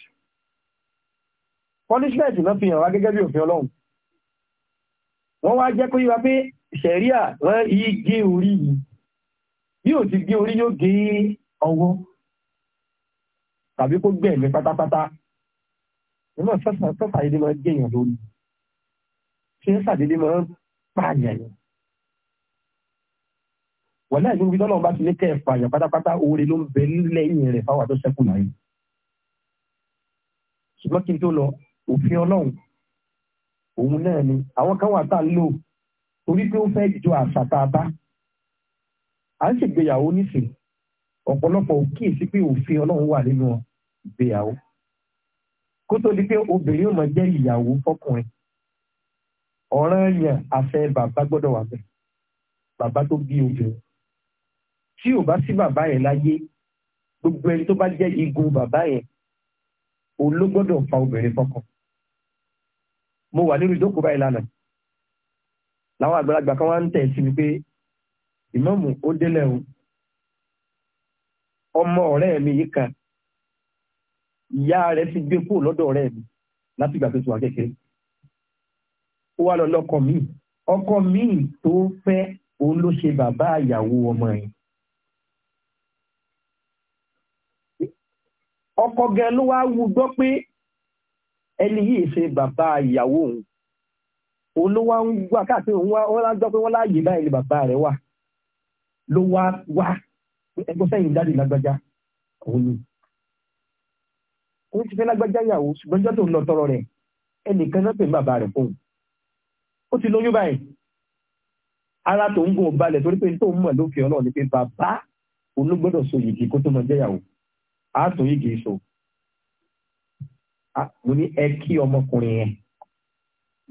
punishment náà fi hàn wá gẹ́gẹ́ bí òfin ọlọ́run wọ́n wá jẹ́ kó yíra pé ṣẹ̀ríà rán yìí gé orí yìí bí ò ti gé orí yóò gé ọwọ́ tàbí kó gbẹ̀mí pátápátá ìmọ̀ sọ́sàdédé máa gẹ̀yàn lórí ṣe ń sàdédé máa ń pààyàn yẹn náà níbi tọ́lọ́run bá ti ní kẹ́ẹ̀ pààyàn pátápátá oore ló ń bẹ lẹ́yìn rẹ̀ fáwọn tó ṣẹ́kù láyé ṣùgbọ́n kí n tó lọ òfin ọlọ́run òun náà ni àwọn kan wà tá a lò torí pé ó fẹ́ jọ àṣà tá a bá à ń ṣègbéyàwó nísìn ọ̀pọ̀lọpọ̀ ò kíyèsí pé òfin ọlọ́run wà nínú ìgbéyàwó kó tó di pé obìnrin ò mọ̀ jẹ́ ìyàwó fọkùnrin ọ̀ràn yẹn àfẹ bàbá gbọ́dọ̀ wà bẹ́ẹ̀ bàbá tó bí obìnrin tí ò bá sí bàbá yẹn láyé gbogbo ẹni tó bá jẹ́ igun bàbá yẹn òun ló gbọ́dọ̀ fa obìnrin fọkàn mo wà nínú ìjókòó báyìí lánàá làwọn àgbàlagbà kan wá ń tẹ̀ sí mi pé ìmọ̀mù ó délẹ̀ o ọmọ ọ̀rẹ́ mi yìí kan ìyá rẹ̀ ti gbé kúrò lọ́dọ̀ rẹ̀ mi láti ìgbà tó ti wà kékeré ó wá lọ lọ́kọ míì ọkọ míì tó fẹ́ òun ló ṣe bàbá ìyàwó ọmọ yẹn ọkọ gan ló wá wú gbọ́ pé ẹni yìí ṣe bàbá ìyàwó òun òun ló wá ń wá káàkiri òun wá wọn gbọ́ pé wọ́n láàyè báyìí ni bàbá rẹ̀ wà ló wá wá ẹgbẹ́ sẹ́yìn jáde lágbájá òun ni kò sí fẹ́ lágbájá ìyàwó ṣùgbọ́n jọ́ tó ń lọ tọrọ rẹ̀ ẹnìkan náà pè ní bàbá rẹ̀ fóun ó ti lóyún báyìí ara tó ń gùn balẹ̀ torí pé tó ń mọ̀ lókè ọlọ́run ni pé bàbá olúgbọ́dọ̀ so yìgì kó tó mọ jẹ́yàwó á tó yìgì so mo ní ẹ kí ọmọkùnrin yẹn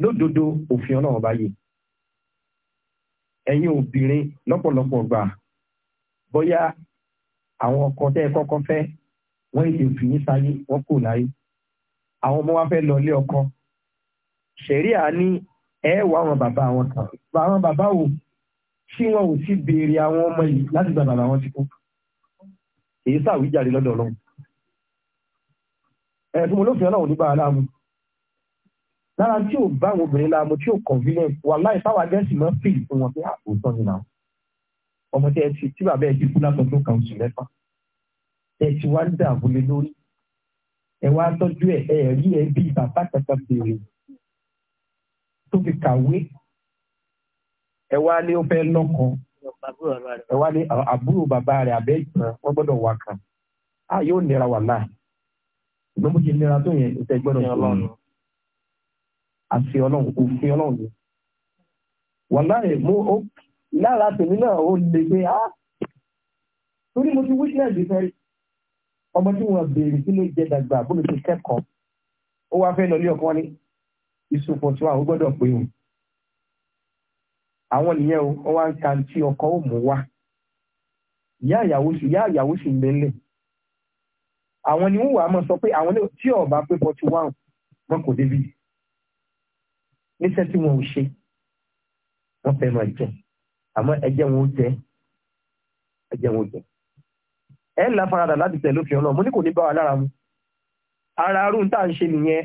lódodo òfin ọlọ́run bá yìí ẹ̀yin obìnrin lọ́pọ̀lọpọ̀ gbà bóyá àwọn ọkọ tẹ́ ẹ kọ́kọ́ fẹ́ wọ́n èdè fi yín sáyé wọ́n kò láyé àwọn ọmọ wa fẹ́ lọ ilé ọkọ ṣẹ̀ríà ní ẹ wà àwọn bàbá àwọn kan àwọn bàbá wo tí wọn ò sì béèrè àwọn ọmọ yìí láti gba bàbá wọn ti kú èyí ṣàwíjàre lọ́dọ̀ Ọlọ́run ẹ̀ẹ́dùn olófin Ọlọ́run nígbà aláàmú lára tí ò bá àwọn obìnrin láàmú tí ò convenient wà láì fáwọn agẹ́sì mọ́ fìlì fún wọn pé àpò ah, tán ni náà ọmọ tí bàbá ẹ ti kú látọ̀ tó kàn sí mẹ́fà ẹ ti wá ń dààbò lé lórí ẹ wá tọ́jú ẹ ẹ rí ẹ bí bàbá kankan béèrè tó fi kàwé ẹ wá ní ó fẹ́ lọ́kàn ẹ wá ní àbúrò bàbá rẹ̀ àbẹ́ ìtàn wọ́n gbọ́dọ̀ wà kàn á yóò nira wà náà ló mú kí nira tó yẹn ìtẹ́ gbọ́dọ̀ tó lọ́nà àfi ọlọ́run òfin ọlọ́run wà láàyè mú ó lára tèmi náà ó le pé á ah! torí mo ti witness ìfẹ́ rí ọmọ tí wọ́n béèrè kí ló jẹ dàgbà bó ló ti kẹ́kọ̀ọ́ ó wá fẹ́ lọlé ọkọ ní ìsopọ̀ tí wọ́n gbọ́dọ̀ pé o àwọn nìyẹn o wọ́n wá ń ka tí ọkọ ò mú wá ìyá ìyàwó sì ìyá ìyàwó sì ń lélẹ̀ àwọn ni wọ́n wà á mọ̀ sọ pé àwọn tí ọba pé forty one wọn kò débi níṣẹ́ tí wọn ò ṣe wọ́n fẹ́ máa jẹ àmọ́ ẹ̀jẹ̀ wọn ò jẹ ẹ̀jẹ̀ wọn ò jẹ ẹ ń la faradà láti tẹ̀lé òfin ọlọ́run mo ní kò ní bá wa lára mu ara arú tá à ń ṣe nìyẹn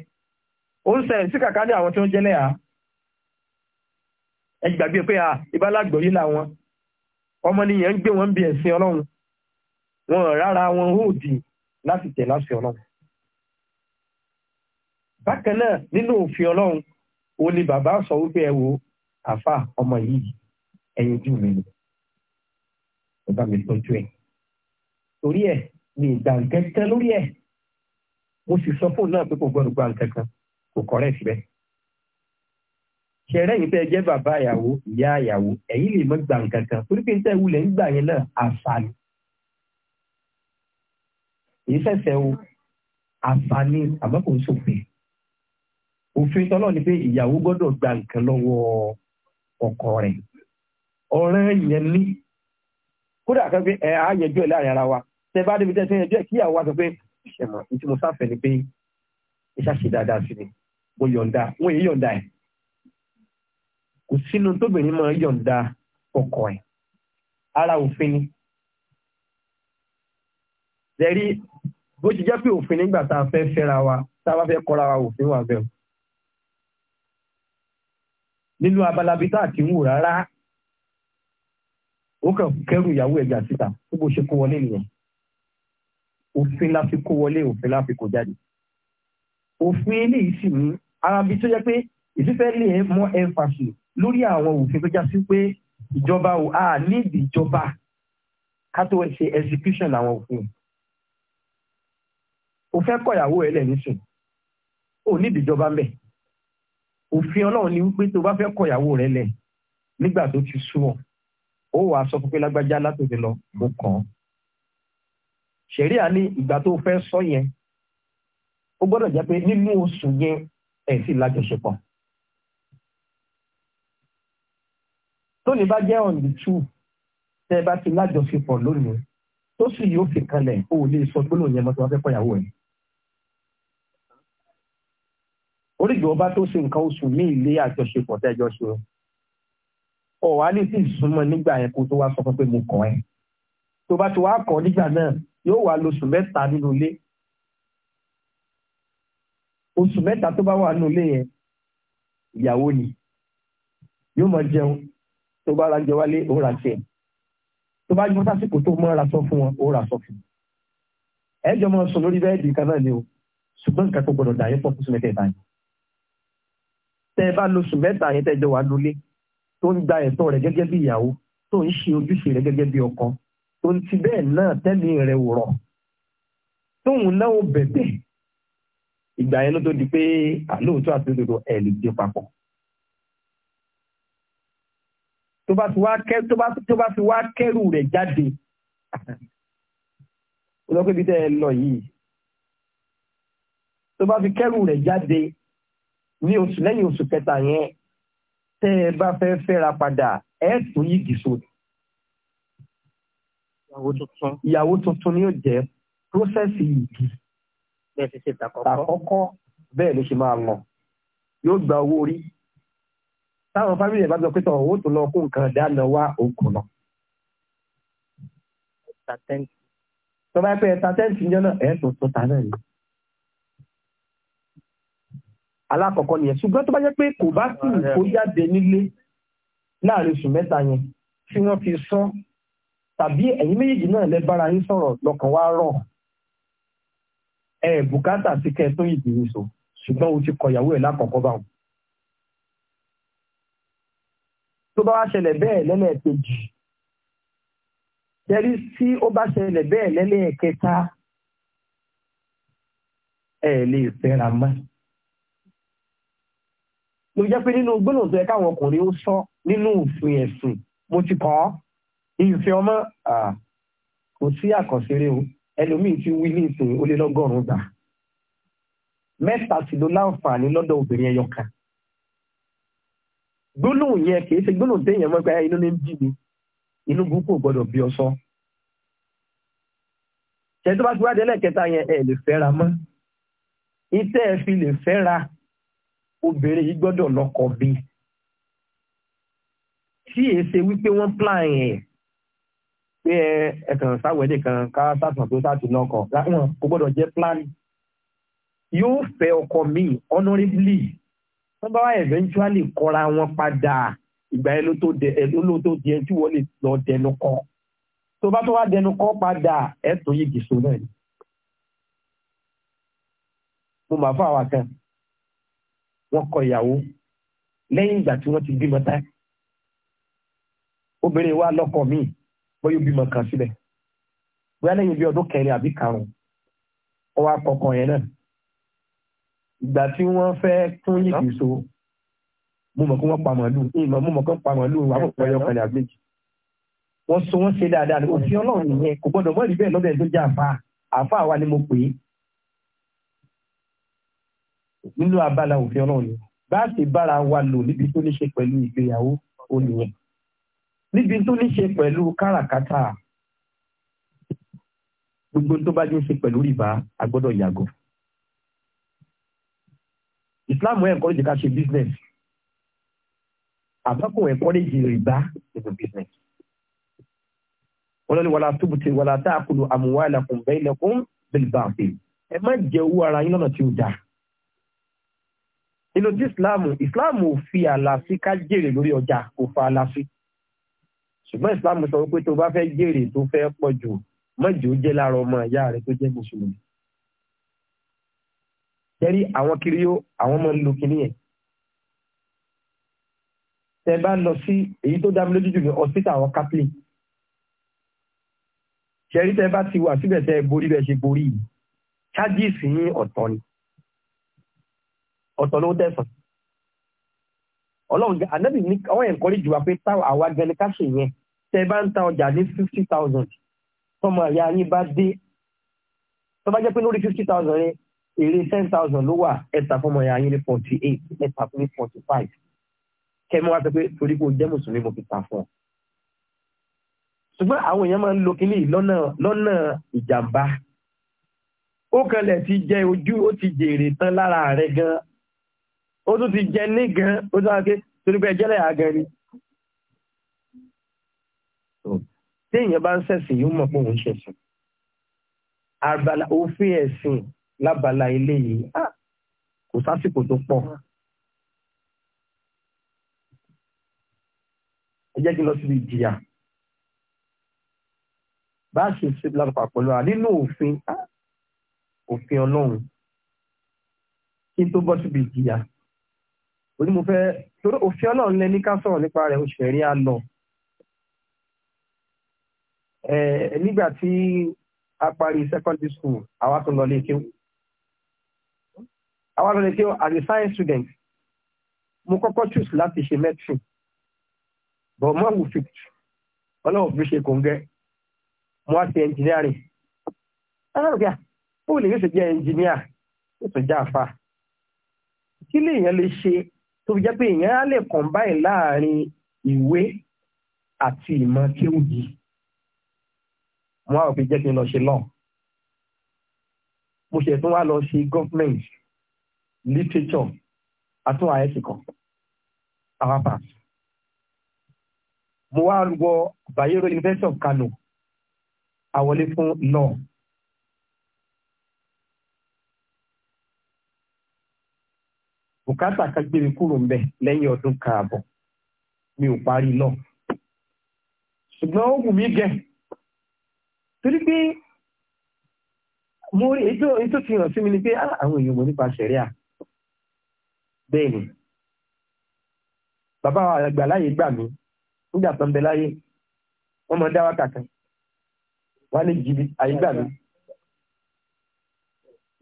ó ń sẹ̀rìn sí kàkà ní àwọn tí wọ́n jẹ́ lẹ́yà ẹ gbàgbé pé a ìbálàgbọ̀ yìí làwọn ọmọ nìyẹn ń gbé wọn bí ẹ̀sìn ọlọ́run wọn rárá wọn ò dì láti tẹ̀ láti ọlọ́run bákan náà nínú òfin ọlọ́run ó ní bàbá sọ wípé ẹ wo àfa ọmọ yìí ẹyin jù mí ni ẹ mi tọ́jú ẹ̀ torí ẹ̀ mi ì gbà nkẹ́kẹ́ lórí ẹ̀ mo sì sọ fóònù náà pé kò gbọ́dọ̀ gba nkẹ́kẹ́ kò kọ́rẹ́ síbẹ̀. ṣẹ̀rẹ́ yìí fẹ́ jẹ́ bàbá ìyàwó ìyá ìyàwó ẹ̀yin lè mọ́ gbà nkẹ́kẹ́ torí pé níta ìwúlẹ̀ ń gbà yẹn náà àǹfààní. èyí fẹ́fẹ́ o àǹfààní àmọ́ kò ń sòfin. òfin tọ́lọ́ ni pé ìyàwó gbọ́dọ̀ gba lọ́wọ́ ọkọ rẹ̀ ọ̀rẹ́ yẹn ní kódà kan pé ẹ̀ á yẹjọ́ láàrin ara wa tẹ́bá débi tẹ́sí ẹjọ́ kí àwọn wá sọ pé ìṣẹ̀mọ̀ ìtí mo sáfẹ́ ni pé iṣẹ́ ṣe dáadáa sí ni mo yọ̀ǹda wọn èyí yọ̀ǹda ẹ̀ kò sínú tóbìnrin máa yọ̀ǹda ọkọ ẹ̀ ara òfin ni lẹ́rí bó ti jẹ́ pé òfin nígbà tá a fẹ́ fẹ́ra wa tá a bá fẹ́ kọ́ra wa òfin wà bẹ́ẹ̀ nínú abalabi tá a ti ń wò rárá ó kàn kẹrù ìyàwó ẹ̀jà síta tó bó ṣe kó wọlé nìyẹn òfin la fi kó wọlé òfin la fi kó jáde òfin eléyìí sì ní arábi tó jẹ́ pé ìfífẹ́ lè mọ ẹnfàsì lórí àwọn òfin tó já sí pé ìjọba ò a nídìí ìjọba ká tó ṣe execution àwọn òfin o fẹ́ kọ̀yàwó ẹ lẹ̀ nísìn ò nídìí ìjọba ń bẹ̀ òfin ọlọ́run ni wípé tó bá fẹ́ kọ̀yàwó rẹ lẹ̀ nígbà tó ti sú ọ ó wàá sọ fún pé lágbájá látòdì lọ mo kàn án ṣẹ̀ríà ní ìgbà tó fẹ́ sọ yẹn ó gbọ́dọ̀ jẹ́ pé nínú oṣù yẹn ẹ̀ sì lájọṣepọ̀ lónìí bá jẹ́ ọ̀nì two tẹ́ bá ti lájọṣepọ̀ lónìí tó sì yóò fi kanlẹ̀ o ò lè sọ gbólóhùn yẹn mọ́ tí wọ́n fẹ́ kọ́yàwó ẹ̀. orígbì ọba tó ṣe nǹkan oṣù ní ilé àjọṣepọ̀ tẹ́jọ́ ṣe ọ̀ wá ní sí ìsúnmọ́ nígbà yẹn kó tó wá sọ fún pé mo kàn ẹ́ tó bá ti wá kọ́ nígbà náà yóò wà lóṣù mẹ́ta nínú ilé oṣù mẹ́ta tó bá wà nínú ilé yẹn ìyàwó ni yóò máa jẹun tó bá ra jẹ wálé ó ra jẹ tó bá jẹ sásìkò tó mọ́ ra sọ fún wọn ó ra sọ fún wọn ẹjọ́ máa sùn lórí bẹ́ẹ̀dì kan náà ni o ṣùgbọ́n nǹkan tó gbọdọ̀ dà pọ̀ fún sùmẹ́tẹ̀ báyìí tẹ́ ẹ bá lo mẹ́ta yẹn tẹ́ ẹ jọ wà nulẹ̀ tó ń gba ẹ̀tọ́ rẹ̀ gẹ́gẹ́ bí ìyàwó tó ń ṣe ojúṣe rẹ̀ gẹ́gẹ́ bí ọkọ òun ti bẹ́ẹ̀ náà tẹ́lẹ̀ rẹ̀ wọ̀rọ̀ tóun náà bẹ̀bẹ̀ ìgbà yẹn ló tó di pé àlóòótọ́ àti òdodo ẹ̀ lè dé papọ̀ tó bá fi wá kẹ́rù rẹ̀ jáde ó lọ pé bí tẹ́ ẹ lọ yìí tó bá fi kẹ́rù rẹ̀ jáde ní oṣù lẹ́yìn oṣù kẹta yẹn tẹ́ ẹ bá fẹ́ fẹ́ra padà ẹ̀ tún yí gìsòdì ìyàwó tuntun ni yóò jẹ́ prósẹ́sì ìdí bẹ́ẹ̀ ti ṣe tàkọ́kọ́ bẹ́ẹ̀ ló ṣe máa lọ yóò gba owó orí táwọn fámìlì ẹ̀ bá sọ pé tọ̀ owó tó lọ kó nǹkan dáná wá òkun lọ. tó bá pẹ́ ẹ̀ta tẹ́ǹtì yẹn náà ẹ̀ tó tó ta náà ni. alákọ̀ọ́kọ́ nìyẹn ṣùgbọ́n tó bá jẹ́ pé kò bá sì kó jáde nílé láàrin oṣù mẹ́ta yẹn tí wọ́n fi sán tàbí ẹ̀yin méjèèjì náà lẹ bára yín sọ̀rọ̀ lọ́kàn wá rọ̀ ẹ bùkátà sí kẹ tó yìí dìrì so ṣùgbọ́n o ti kọ ìyàwó ẹ̀ lákọ̀ọ́kọ́ bá wọn. tó bá wá ṣẹlẹ̀ bẹ́ẹ̀ lẹ́lẹ́ẹ̀kejì jẹ́rí tí ó bá ṣẹlẹ̀ bẹ́ẹ̀ lẹ́lẹ́ẹ̀kẹta ẹ lè fẹ́ra mọ́. ló jẹ́ pé nínú gbólóhùn tó yẹ káwọn ọkùnrin ó sọ nínú òfin ẹ̀sìn mo ti kọ́ ọ́ ìfẹ́ ọmọ kò sí àkànṣeré o ẹlòmíì ti wí ní ìsìn ó lé lọ́gọ́rùn-ún gbà mẹ́ta sì ló láǹfààní lọ́dọ̀ obìnrin ẹyọ kan gbólóhùn yẹn kì í ṣe gbólóhùn téèyàn mọ́ pé inú ní bí mi inú burúkú ò gbọ́dọ̀ bí ọ sọ ṣẹ́ni tó bá ti wá dé lẹ́ẹ̀kẹta yẹn ẹ lè fẹ́ra mọ́ ìtẹ́ ẹ fi lè fẹ́ra obìnrin yìí gbọ́dọ̀ lọ́kọ bí tí èsè wípé wọ́n plan ẹ̀ pé ẹ̀kàn sáwẹ̀dẹ̀ kan ká sàtàn tó sáàtì náà kọ̀ láwọn kò gbọ́dọ̀ jẹ́ plan yóò fẹ́ ọkọ mi honorably wọ́n bá wá eventually kọra wọn padà ìgbà ẹ ló tó dẹ ẹ ló tó di ẹ tí wọ́n lè lọ dẹnu kọ́ tó bá tó wá dẹnu kọ́ padà ẹ tó yí gìṣó náà ni. mo máa fún àwọn kan wọ́n kọ ìyàwó lẹ́yìn ìgbà tí wọ́n ti bímọ tán obìnrin wa lọ́kọ míì bóyá obìnrin kan síbẹ̀ bóyá lẹ́yìn bí ọdún kẹrin àbí karùn-ún ọwọ́ akọkàn yẹn náà ìgbà tí wọ́n fẹ́ tún yìí so mo mọ̀ kí wọ́n pa màálù ìmọ̀ mo mọ̀ kí wọ́n pa màálù wà fún ọyọ kan àbí méjì wọ́n so wọ́n ṣe dáadáa ní òfin ọlọ́run nìyẹn kò gbọ́dọ̀ mọ́ ìbẹ́ẹ̀ lọ́dọ̀ tó jẹ́ àfa àfa wa ni mo pè é nínú abala òfin ọlọ́run ni bá a ṣe bára wa lò níbi tó ní ṣe pẹ̀lú ìgbéyàwó ó nìyẹn níbi tó ní ṣe pẹ̀lú káràkátà gbogbo tó bá ní ṣe pẹ̀lú rìbá a gbọ́dọ̀ yàgò islam ẹ̀ kọ́ ìdíkà ṣe business àbákò ẹ̀ kọ́ ìdí rìbá nínú business wọ́n lọ́ni wàlá túbùtì wàlá ta'kulu amwalakum bainakum bil batil ẹ má jẹ owó ara yín lọ́nà tí ó dáa nínú tí islam islam ò fi àlàsí ká jèrè lórí ọjà kò fa àlàsí ṣùgbọ́n islam sọ wípé tó bá fẹ́ jèrè tó fẹ́ pọ̀ jù mọ́jì ó jẹ́ lára ọmọ ìyá rẹ̀ tó jẹ́ mùsùlùmí. jẹ́rí àwọn kiriyó àwọn máa ń lo kinní yẹn. tẹ bá lọ sí èyí tó dá mi lójú jù ní hospital àwọn catholic. jẹ́rí tẹ bá ti wà síbẹ̀ tẹ borí bẹ́ẹ̀ ṣe borí yìí. charges yín ọ̀tọ̀ ni ọ̀tọ̀ ló tẹ̀sán ọlọ́run jẹ́ ànábì ní ọwọ́ ẹ̀ńkọ́rẹ́jì wa pé táwọn àwa gan ni ká ṣe tẹ bá ń ta ọjà ní fifty thousand tọmọ ìyá yín bá dé tó bá jẹ́ pé lórí fifty thousand yẹn èrè ten thousand ló wà ẹ̀ta fọmọ ìyá yín ní forty eight ẹ̀ta fún ní forty five kẹ́mi wá sọ pé torí pé o jẹ́ mùsùlùmí mo fi ta fún ọ. ṣùgbọ́n àwọn èèyàn máa ń lo kínní lọ́nà lọ́nà ìjàmbá ó kanlẹ̀ ti jẹ ojú ó ti jèrè tán lára rẹ̀ gan ó tún ti jẹ ní gan ó tún wá pé torí pé ẹjẹ́ lẹ́yà gan ni téèyàn bá ń ṣẹ̀sìn yóò mọ̀ pé òun ṣẹ̀sìn abala òfin ẹ̀sìn lábala eléyìí ah, kò sásìkò tó pọ̀ ẹ jẹ́ kí n lọ síbi ìjìyà bá ṣe ṣe lárúkọ pẹ̀lú à nínú òfin ah, òfin ọlọ́run kí n tó bọ́ síbi ìjìyà onímọ̀fẹ́ torí òfin ọlọ́run lẹ́ni ká sọ̀rọ̀ nípa rẹ̀ òṣèré àlọ́ nígbà tí a parí secondary school àwa tó lọ lékeu àwa lọ lékeu as a science student mo kọ́kọ́ choose láti ṣe medicine but mo wù fit ọlọ́run fi ṣe kòǹgẹ́ mo wá sí engineering alárògbé ó lè ṣe jẹ́ engineer ó sì já àfa kí lèèyàn lè ṣe tó fi jẹ́ pé èèyàn á lè combine láàrin ìwé àti ìmọ̀ kéwù yìí mo wá òfin jẹ́ kí n lọ ṣe law mo ṣe tún wá lọ ṣe government literature àtúnwà ẹ̀sìn kan mo wá wọ Bayero University of Kano àwọlé fún law bùkátà kan gbé mi kúrò ń bẹ lẹ́yìn ọdún kan àbọ̀ mi ò parí law ṣùgbọ́n ó wù mí gẹ̀ẹ́ torí pé mo rí ètò ètò fi hàn sí mi ni pé ah, àwọn èèyàn mọ̀ nípa ṣẹ̀ríà bẹ́ẹ̀ ni bàbá àgbà láyé gbà mí nígbà tó ń bẹ láyé wọ́n mọ dá wákàtí wọ́n ní jìbì àyè gbà mí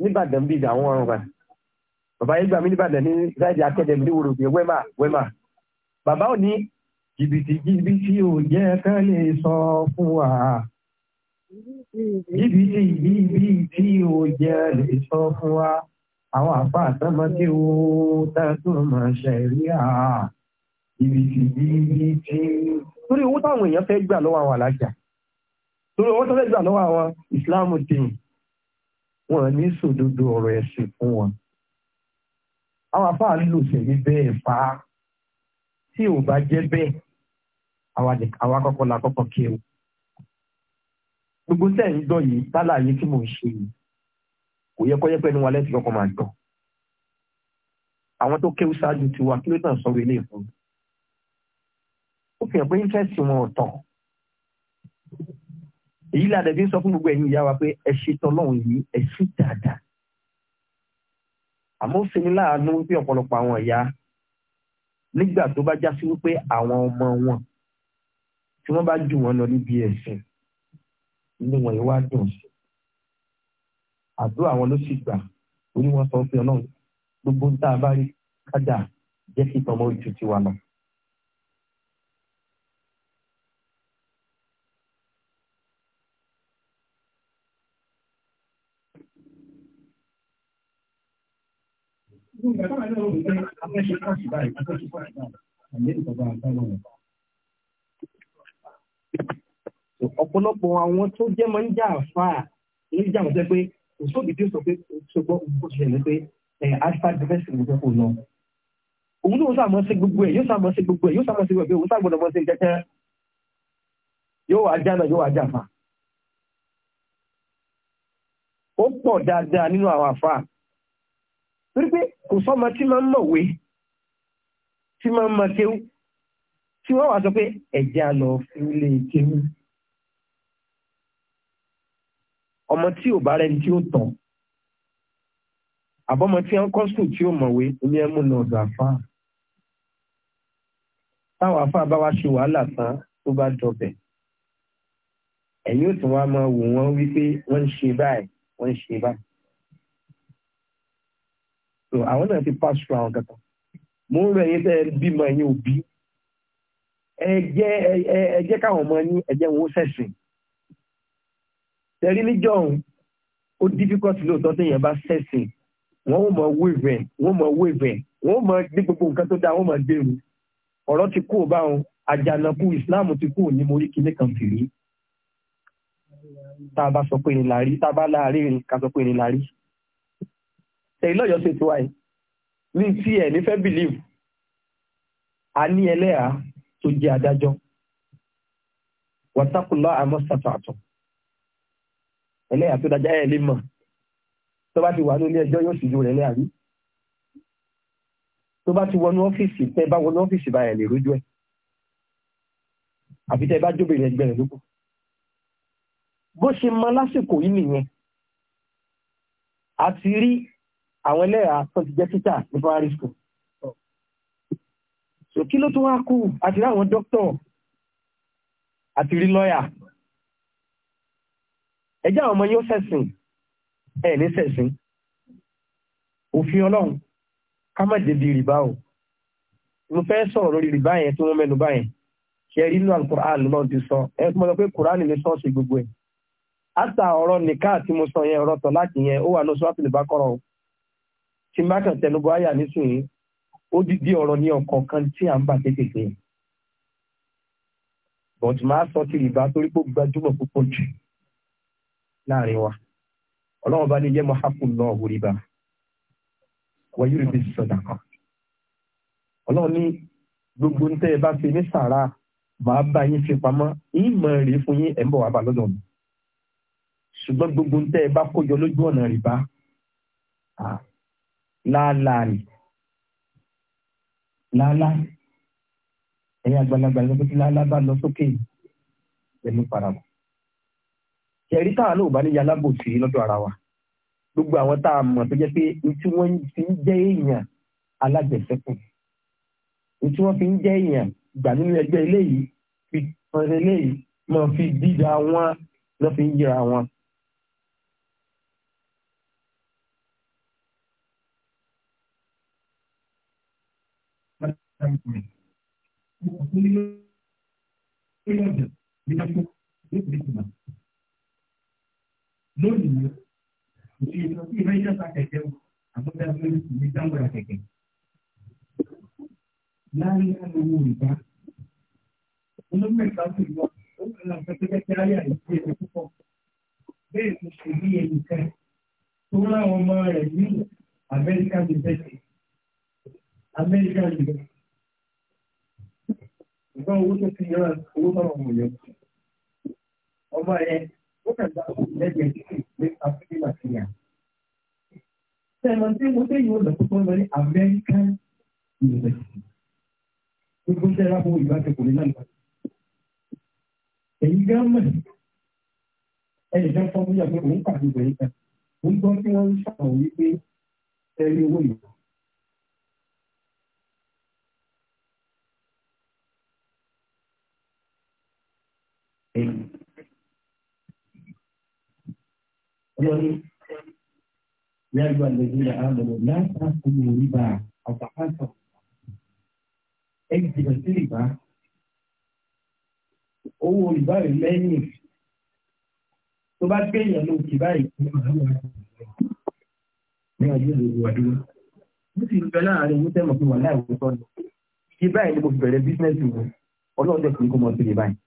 níbàdàn bíi àwọn ọ̀rùn kan bàbá yẹn gbà mí níbàdàn ní ráìdì akẹ́dẹ̀mí ní wòròdì wẹ́mà wẹ́mà bàbá ò ní jìbìtì jìbìtì ò jẹ́ kán lè sọ fún wa níbi tí ibi ibi tí o jẹ lè sọ fún wa àwọn àpá àtọmọdé wo tá a tó máa ṣẹ̀rí à ibi tí ibi ibi tí. torí owó táwọn èèyàn fẹ́ gbà lọ́wọ́ àwọn alájà torí owó tó fẹ́ gbà lọ́wọ́ àwọn ìsìláàmù dìín wọn ní sòdodo ọ̀rọ̀ ẹ̀sìn fún wọn. àwọn àpá àlùlò sẹ̀mí bẹ́ẹ̀ fà tí ò bá jẹ́ bẹ́ẹ̀ àwa kọ́kọ́ la kí o gbogbo sẹ́ ń gbọ́ yìí lálàyé tí mò ń ṣe yìí kò yẹ kọ́yẹ́ pẹ́nu wa lẹ́sìn kọ́kọ́ máa gbọ́ àwọn tó kéwú ṣáájú ti wa kí ló tàn sọ̀rọ̀ ilé ìfún ó fi hàn pé íńtẹ́sì wọn ò tàn èyí ládẹ bí ń sọ fún gbogbo ẹ̀yin ìyá wa pé ẹ ṣe tán lọ́hùn yìí ẹ ṣe dáadáa àmọ́ ó ṣe ní láàánú wípé ọ̀pọ̀lọpọ̀ àwọn ìyá nígbà tó bá já sí wípé àwọn ọmọ wọn tí wọ́n bá jù wọn lọ níbi ẹ̀sìn inú wọn yìí wá dùn sí àdúrà àwọn ló sì gbà orí wọn sọ fún ọlọ́run gbogbo ń tá a bá rí kájà jẹ́ kí tọmọ ojú ti wà lọ. Thank you ọ̀pọ̀lọpọ̀ àwọn tó jẹ́ máa ń jà fà níjà wọ́n sẹ́ pé òṣòbí tí ó sọ pé ṣùgbọ́n òkú ṣẹlẹ̀ pé alifad defense ló fẹ́ kó lọ. òun náà sàmọ́ sí gbogbo ẹ̀ yóò sàmọ́ sí gbogbo ẹ̀ yóò sàmọ́ sí gbogbo ẹ̀ òun sàgbọ́dọ̀ mọ́ sí kẹ́kẹ́ yóò wá jà náà yóò wá jà fà. ó pọ̀ dáadáa nínú àwọn àfà torí pé kò sọ́mọ tí máa ń mọ̀wé tí máa ń mọ̀ kéwú tí wọ́n wá sọ pé ẹ̀jẹ̀ àlọ́ ọmọ tí ò bá rẹni tí ó tàn àbọ̀mọ tí wọ́n kọ́ sùn tí ó mọ̀wé ilé ẹ̀mú náà ọ̀dọ̀ àfa táwọn afa bá wá ṣe wàhálà tán tó bá dọbẹ̀ ẹ̀yin ò tún wá máa wò wọ́n wípé wọ́n ń ṣe báyìí wọ́n ń ṣe báyìí so àwọn náà ti pass through àwọn kankan mo ń rẹ yín tẹ bímọ ẹ̀yin òbí ẹ jẹ́ ẹ jẹ́ káwọn ọmọ yín ẹ jẹ́ wọn ó ṣẹ̀sìn tẹ̀rí níjọ́ òun ó difficult lóòótọ́ téèyàn bá sẹ̀sìn wọ́n ò mọ̀ wéèvẹ̀ wọ́n ò mọ̀ wéèvẹ̀ wọ́n ò mọ̀ ní gbogbo nǹkan tó dáa wọ́n mọ̀ gbèrú ọ̀rọ̀ ti kú báwọn àjànàkú Islam ti kú ní mo rí kinní kan fìrí tá a bá sọ pé ní láàrí tá a bá láàrin rìn ká sọ pé ni láàrí tẹ̀rí lọ́yọ̀ ṣe tiwa yìí ní tí ẹ̀ nífẹ̀ẹ́ believe a ní ẹlẹ́yà tó jẹ́ adájọ́ wàtákùlá àmọ́ sàtọ̀ àtọ̀ ẹlẹ́yà tó dájá ẹ̀ lè mọ̀ tó bá ti wà ní ilé ẹjọ́ yóò sì ju rẹ̀ lẹ́yà rí tó bá ti wọnú ọ́fíìsì tẹ́ bá wọnú ọ́fíìsì bá ẹ̀ lè rójú ẹ̀ àfi tẹ́ bá jóbìnrin ẹgbẹ́ rẹ̀ lóko bó ṣe mọ lásìkò yìí nìyẹn a rí àwọn ẹlẹ́yà tó ti jẹ́ títà ní primary school so kí ló tún wá kù àti rí àwọn dókítọ̀ àti rí lọ́yà ẹjẹ́ àwọn ọmọ yóò sẹ̀sìn ẹ̀ ní sẹ̀sìn òfin ọlọ́run ká má débi rìbá o mo fẹ́ sọ̀rọ̀ lórí rìbá yẹn tí wọ́n mẹ́nu bà yẹn ṣe rí inú alukur'an lọ́n ti sọ ẹ tí mo sọ pé kur'an ní sọ́ọ̀sì gbogbo ẹ̀ àtà ọ̀rọ̀ nìka tí mo sọ yẹn ọ̀rọ̀ tọ̀ láti yẹn ó wà ní sọ́ọ̀tì lè bá kọ́rọ̀ o tí má kàn tẹnubọ àyà nísìnyí ó dídí ọ̀rọ̀ ní ọkàn kan tí à ń bà kékeré but máa sọ ti rìbá torí pé gbajúmọ̀ púpọ̀ jù láàrin wa ọlọ́run bá ní jẹ́ mọ́ hápù náà wò ríbà wọ́n yóò rí sọ̀dà kan ọlọ́run ní gbogbo ń tẹ́ ẹ bá fi ní sàrà màá bá yín fi pamọ́ ìmọ̀ rèé fún yín ẹ̀ ń bọ̀ wá bá lọ́dọ̀ mi ṣùgbọ́n gbogbo ń tẹ́ ẹ bá kójọ lójú ọ̀nà rìbá láàláàrì láàlá ẹ̀yin àgbàlagbà lọ́sọ́kè láàlá bá lọ sókè pẹ̀lú parapọ̀ ẹ̀rí táwọn náà ò bá ní yalábò sí lọ́dọ̀ ara wa gbogbo àwọn tá a mọ̀ tó jẹ́ pé ní tí wọ́n fi ń jẹ́ èèyàn alájẹsẹ́kù ní tí wọ́n fi ń jẹ́ èèyàn gbà nínú ẹgbẹ́ eléyìí fi ọ̀rẹ́ eléyìí máa fi dídá wọn lọ́ fi ń yíra wọn. Thank you lónìí kò sí ìtọ́ sí ìfẹ́ ìjọba kẹ̀kẹ́ o àbúdá lórí ìwé dáńgbà kẹ̀kẹ́. láàrin àlọ́wọ́ ìgbà olóńgbò ìgbà tó lọ ó ń lọ pẹ́ pẹ́ pẹ́ ayé àìsí ẹ̀rọ púpọ̀ bẹ́ẹ̀ tó ṣe bí ẹnìkan tó ráwọn ọmọ rẹ̀ ní Amẹ́ríkà ní bẹ́ẹ̀ Amẹ́ríkà ní bẹ́ẹ̀ ìgbà owó tó ti yọra owó náà wọ̀nyẹn ọmọ yẹn ó kàn dá lẹ́gbẹ̀ẹ́ títí pé African material. Sẹ̀mọ̀tì mo tẹ́yìn ọ̀nà tó tọ́ lọ ní American University. Gbogbo iṣẹ́ lábọ̀ ìbáṣepọ̀ ní Nàìjíríà. Èyí gánmọ̀ ẹnì kan fọ́ bóyá pé òun pàdé ìbẹ̀rẹ̀ kan. Òun gbọ́ tí wọ́n ń ṣàwọn wípé ẹ̀rí owó ìwà. قل يا أيها الذين آمنوا لا تأكلوا الربا أو تحاسبوا اجزم الربا owó rìbá rẹ̀ lẹ́yìn tó bá gbẹ̀yàn ló kì báyìí kí wọ́n máa ń ní ọjọ́ ìlú ìwà dúró. Mo sì fẹ́ láàárín yín tẹ́mọ̀ fún wọn láìwọ́ sọ ni. Ṣé báyìí ni mo fi bẹ̀rẹ̀ bísínẹ́sì mi? Ọlọ́run dẹ̀ kì í kó mọ sí rìbá yìí.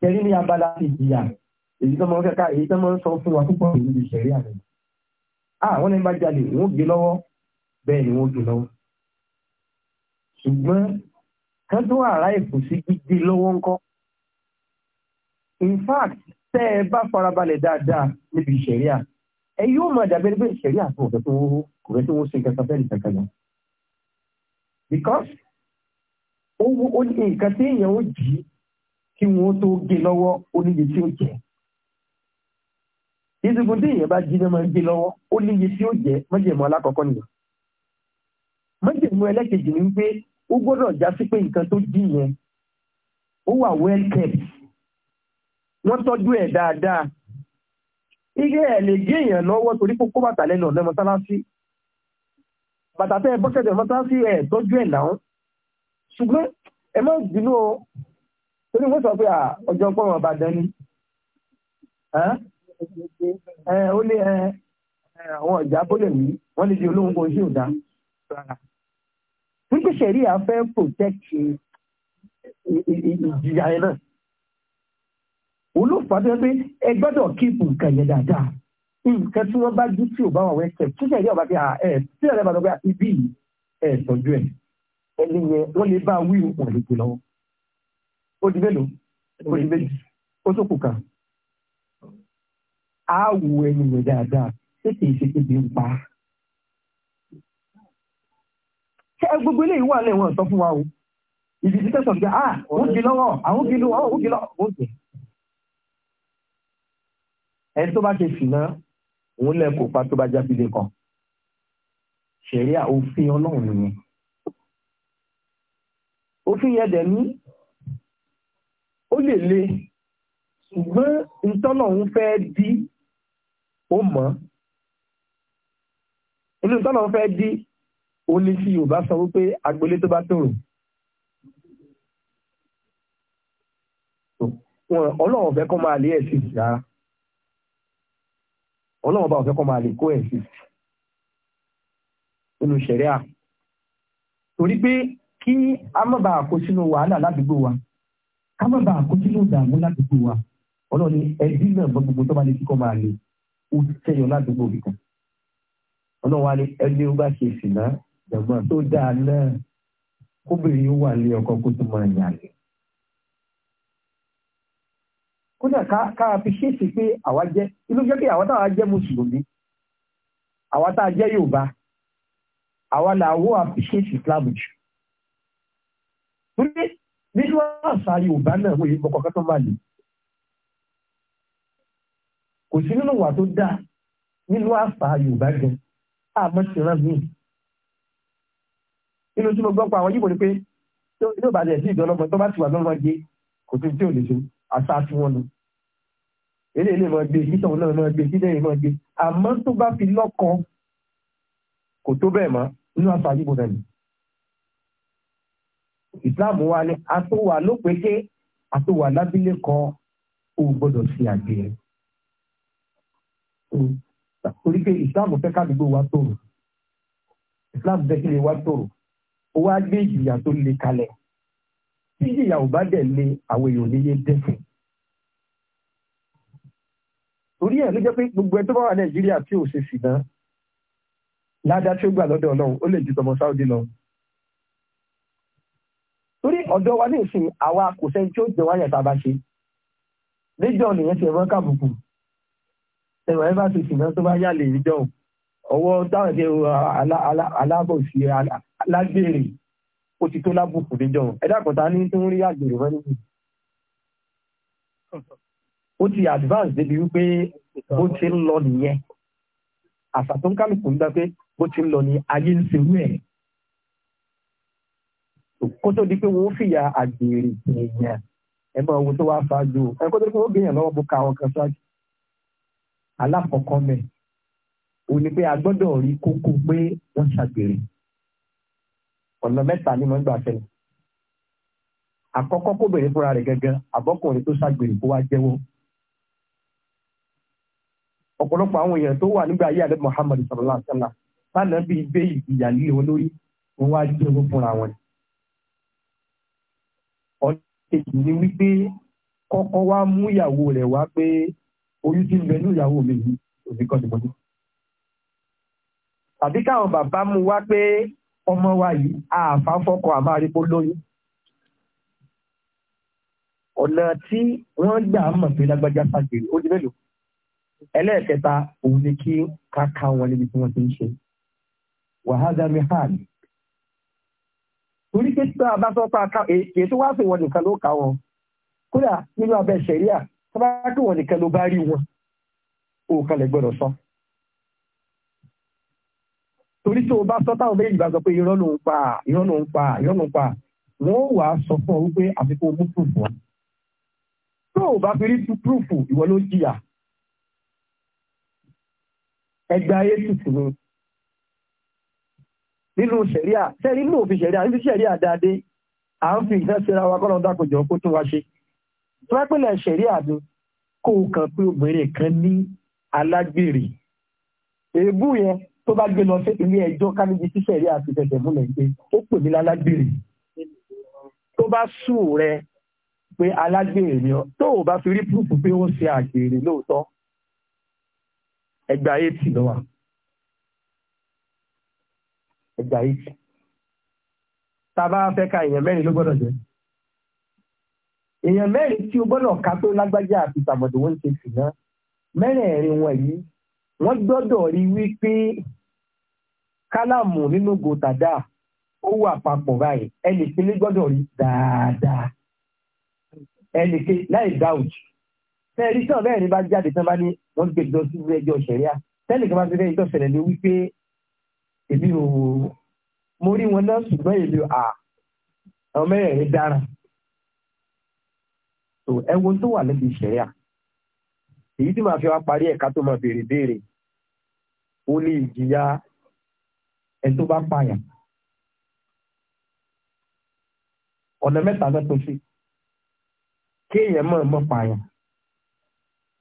Ṣẹ́rí ní abala ti jìyà èyí tó máa ń kẹ́kẹ́ èyí tó máa ń sọ fún wa púpọ̀ ìlú ìṣẹ̀rí àná àwọn ní bá jalè wọ́n gbé lọ́wọ́ bẹ́ẹ̀ ni wọ́n gbé lọ́wọ́ ṣùgbọ́n kan tó àrá sí gbígbé lọ́wọ́ ńkọ́ in fact tẹ́ ẹ bá farabalẹ̀ dáadáa níbi ìṣẹ̀rí à ẹ yóò máa dàbẹ́ pé ìṣẹ̀rí àtúntò ọ̀fẹ́ tó kò fẹ́ tó wọ́n ṣe nǹkan sáfẹ́ nìkan kan lọ because ó ní nǹkan tí èèyàn ó jì kí wọ́n tó gé lọ́wọ́ ó tí ó jẹ́ ìsìnkú tí èèyàn bá jí náà máa ń gbé lọ́wọ́ ó léye tí ó jẹ́ májèmú alákọ̀ọ́kọ́ nìyẹn májèmú ẹlẹ́kejì ni wípé ó gbọ́dọ̀ já sí pé nǹkan tó jí yẹn ó wà well kept wọ́n tọ́jú ẹ̀ dáadáa igi ẹ̀ lè gé èèyàn lọ́wọ́ torí kókó bàtà lẹ́nu ọ̀nà mọ́sálásí bàtà tẹ́ ẹ bọ́sẹ̀dẹ̀ mọ́sálásí ẹ̀ tọ́jú ẹ̀ náà ṣùgbọ́n ẹ má bínú o torí wọ́n sọ pé ọjọ́ pọ́n wọn dání ẹ eh, ó lé ẹ eh, eh, àwọn ọ̀já bó lè wí wọ́n lè di olóhùn kan sí òdá rárá. wípé sẹ̀rí à fẹ́ protect ìjìyà ẹ̀ náà. olùfà tó yẹ pé ẹ gbọ́dọ̀ keep nǹkan yẹn dáadáa nǹkan tí wọ́n bá jú tí ò bá wà wẹ́sẹ̀ tí sẹ̀rí ọ̀bá fi ẹ̀ tí ọ̀rẹ́ bá lọ pé ibi ẹ̀ tọ́jú ẹ̀ ẹni yẹn wọ́n lè bá wí òkùn àlejò lọ́wọ́. ó di mélòó ó di méjì ó tó kù kan á wo ẹnu rẹ̀ dáadáa ṣé kìí ṣe kébi ń pa. ṣé gbogbo eléyìí wà lẹ́wọ̀n sọ fún wa o ìdí ti tẹ̀sán pé ah ó kì lọ́wọ́ àwọn kì lọ́wọ́ ó kì lọ́wọ́ ó kì. ẹni tó bá ṣe ṣìnà òun lẹ́kọ̀ọ́ pa tó bá jábílẹ̀ kan ṣẹ̀rí òfin ọlọ́run nìyẹn òfin yẹn dẹ̀ ní ó lè le ṣùgbọ́n ntọ́nà òun fẹ́ di ó mọ̀ inú tọ́lọ̀ fẹ́ dí ó ní sí Yorùbá sọ wípé agbolé tó bá tòrò ọlọ́run ọ̀fẹ́ kọ́ máa lé ẹ̀sìn rárá ọlọ́run ọba ọ̀fẹ́ kọ́ máa lè kó ẹ̀sìn nínú ṣẹ̀ríà torí pé kí a má bàa kó sínú wàhálà ládùúgbò wa ká má bàa kó sínú ìdààmú ládùúgbò wa ọlọ́run ẹbí náà gbọ́ gbogbo tó bá lè kíkọ́ máa lè ó tẹ̀yọ̀ ládùúgbò mi kan ọlọ́wà ni ẹni ó bá ṣe ìsìnà jọ̀gbọ́n tó dáa náà kóbìnrin ó wà lé ọkọ kó tó máa yà lé. kódà ká a fi ṣèṣe pé àwa jẹ́ inú jẹ́ pé àwa táwa jẹ́ mùsùlùmí àwa tá a jẹ́ Yorùbá àwa là wọ́ àfiṣèṣe Islam jù. torí nínú àṣà Yorùbá náà wòye kọ́kọ́ kẹ́tọ́ máa lè kò sí nínú wà tó dáa nílùú àfà yorùbá gan àmọ́ ṣìran mi nínú tí mo gbọ́ pa àwọn yìí mo ní pé yóò bá dẹ̀ sí ìdánlọ́gbọ̀n tó bá ti wà lọ́mọdé kò sí tí ò lè ṣe àṣà tí wọ́n lọ eré ilé máa gbé ìtàn náà máa gbé ìdílé máa gbé àmọ́ tó bá fi lọ́kàn kò tó bẹ́ẹ̀ mọ́ nínú àṣà yìí mo dànù islam wa ni a tó wà lópeke a tó wà lábílẹ̀ kan ò gbọ́dọ̀ sí àgbẹ̀ Mm. torí pé ìsìláàmù fẹ́ kádùúgbò wa tòrò ìsìláàmù fẹ́ kílè wa tòrò ó wá gbé ìjìyà tó le kalẹ̀ tí ìjìyà ò bá dẹ̀ le àwọn èèyàn níye dẹ́sìn torí ẹ̀ ló jẹ́ pé gbogbo ẹ tó bá wà nàìjíríà tí ò ṣe sì náà ládàá tí ó gbà lọ́dọ̀ ọlọ́run ó lè ju tọmọ sáúdí lọ. torí ọ̀dọ́ wa ní ìsìn àwa kò sẹ́ni tí ó jẹ wáyà tá a bá ṣe. lẹ́jọ́ nìyẹn ti ẹ̀rọ kábùkù ẹwà ẹ bá ti sùn náà tó bá yàlè yìí dọ̀hùn ọwọ́ táwọn ẹ̀kẹ́ alábòsí alágbèrè ó ti tó lábùkù níjọ́ ẹ dákọ̀tà ní tó ń rí àgbèrè wọn níbi. ó ti advance débi wípé bó ti ń lọ nìyẹn àṣà tó ń kálukú ń gbà pé bó ti ń lọ ní ayé ń serú ẹ̀ kó tó di pé wọ́n fìyà àgbèrè èèyàn ẹ máa wo tó wá ṣáájú ẹ kó tó di pé wọ́n gbìyànjú lọ́wọ́ bó ka àwọn kan ṣáájú. alákọ̀ọ́kọ́ mẹ́ o ní pé a gbọ́dọ̀ rí kókó pé wọ́n ṣàgbèrè ọ̀nà mẹ́ta ni mo ń gbà fẹ́lẹ̀ àkọ́kọ́ kó bèrè fúnra rẹ̀ gẹ́gẹ́ àbọ́kùnrin tó ṣàgbèrè kó wá jẹ́wọ́ ọ̀pọ̀lọpọ̀ àwọn èèyàn tó wà nígbà ayé àdé bí gbé ìyà líle wọn lórí wọn wá jẹ́wọ́ fúnra wọn ọ̀nà kejì ni wípé kọ́kọ́ wá mú oyún tí ń bẹ ní ìyàwó mi yìí òbí kan ṣùgbọ́n. tàbí káwọn bàbá mú wá pé ọmọ wa yìí àáfà fọkọ àmárípò lóyún. ọ̀nà tí wọ́n gbà mọ̀ pé lágbájá ṣàgbèrè ó di mélòó. ẹlẹ́ẹ̀kẹta òun ni kí káka wọn níbi tí wọ́n ti ń ṣe. wàhálà mi hàn. torí pé tí a bá sọ pé ètò wá sí wọn nìkan ló kà wọn. kódà nínú abẹ́ ṣẹ̀ríà tó bá kí wọn nìkan ló bá rí wọn ó kalẹ̀ gbọ́dọ̀ sọ torí tó o bá sọ táwọn méjì bá sọ pé irọ́ ló ń pa irọ́ ló ń pa irọ́ ló ń pa wọ́n ó wàá sọ fún ọ wípé àfikún mú púrùfù wa tó o bá fi rí púrùfù ìwọ ló jìyà ẹgbẹ́ ayé tutù ni nínú sẹ̀ríà sẹ́rí nínú òfin sẹ̀ríà nínú sẹ̀ríà dáadé à ń fi ìfẹ́ síra wa kọ́lọ́ dákòjọ́ kó tún wa ṣe tọ́pẹ́pẹ́lẹ̀ ṣẹ̀rí àdó kó o kàn pé obìnrin kan ní alágbèrè èébú yẹn tó bá gbé lọ sí ilé ẹjọ́ káníbi tí ṣẹ̀rí àti tẹ̀tẹ̀ múlẹ̀ pé ó pè mí lálágbèrè tó bá sù rẹ pé alágbèrè ni ọ tó o bá fi rí púrúfù pé ó ń ṣe àgbèrè lóòótọ́ ẹgbàá eighty ló wà ẹgbàá eighty tá a bá fẹ́ ka èèyàn mẹ́rin ló gbọ́dọ̀ jẹ́ èèyàn mẹ́rin tí o gbọ́dọ̀ ká tó lágbájá àti tàbọ̀dọ̀ wọ́n ti sì ná mẹ́rẹ̀ẹ̀rin wọn yìí wọ́n gbọ́dọ̀ rí wípé kálàmù nínú gòtàdá ó wà papọ̀ báyìí ẹnì kejì gbọ́dọ̀ rí dáadáa ẹnì kejì láì dáùjì tẹ́ẹ̀rí tí ọ̀rẹ́ ẹ̀rí bá jáde tán bá ní wọ́n gbé jọ sí ilé ẹjọ́ ṣẹ̀ríà tẹ́ẹ̀lì kan bá ti rẹ́ ìjọ ṣẹlẹ̀ wípé èmi ò mo rí wọn náà ṣùgbọ́n èmi à àwọn mẹ́rẹ̀ẹ̀rin dára tó ẹwo tó wà níbi ìṣẹ̀yà èyí tí màá fi wá parí ẹ̀ka tó máa béèrè béèrè ó ní ìjìyà ẹni tó bá pààyàn ọ̀nà mẹ́ta náà tó ṣe kéèyàn mọ̀ mọ̀ pààyàn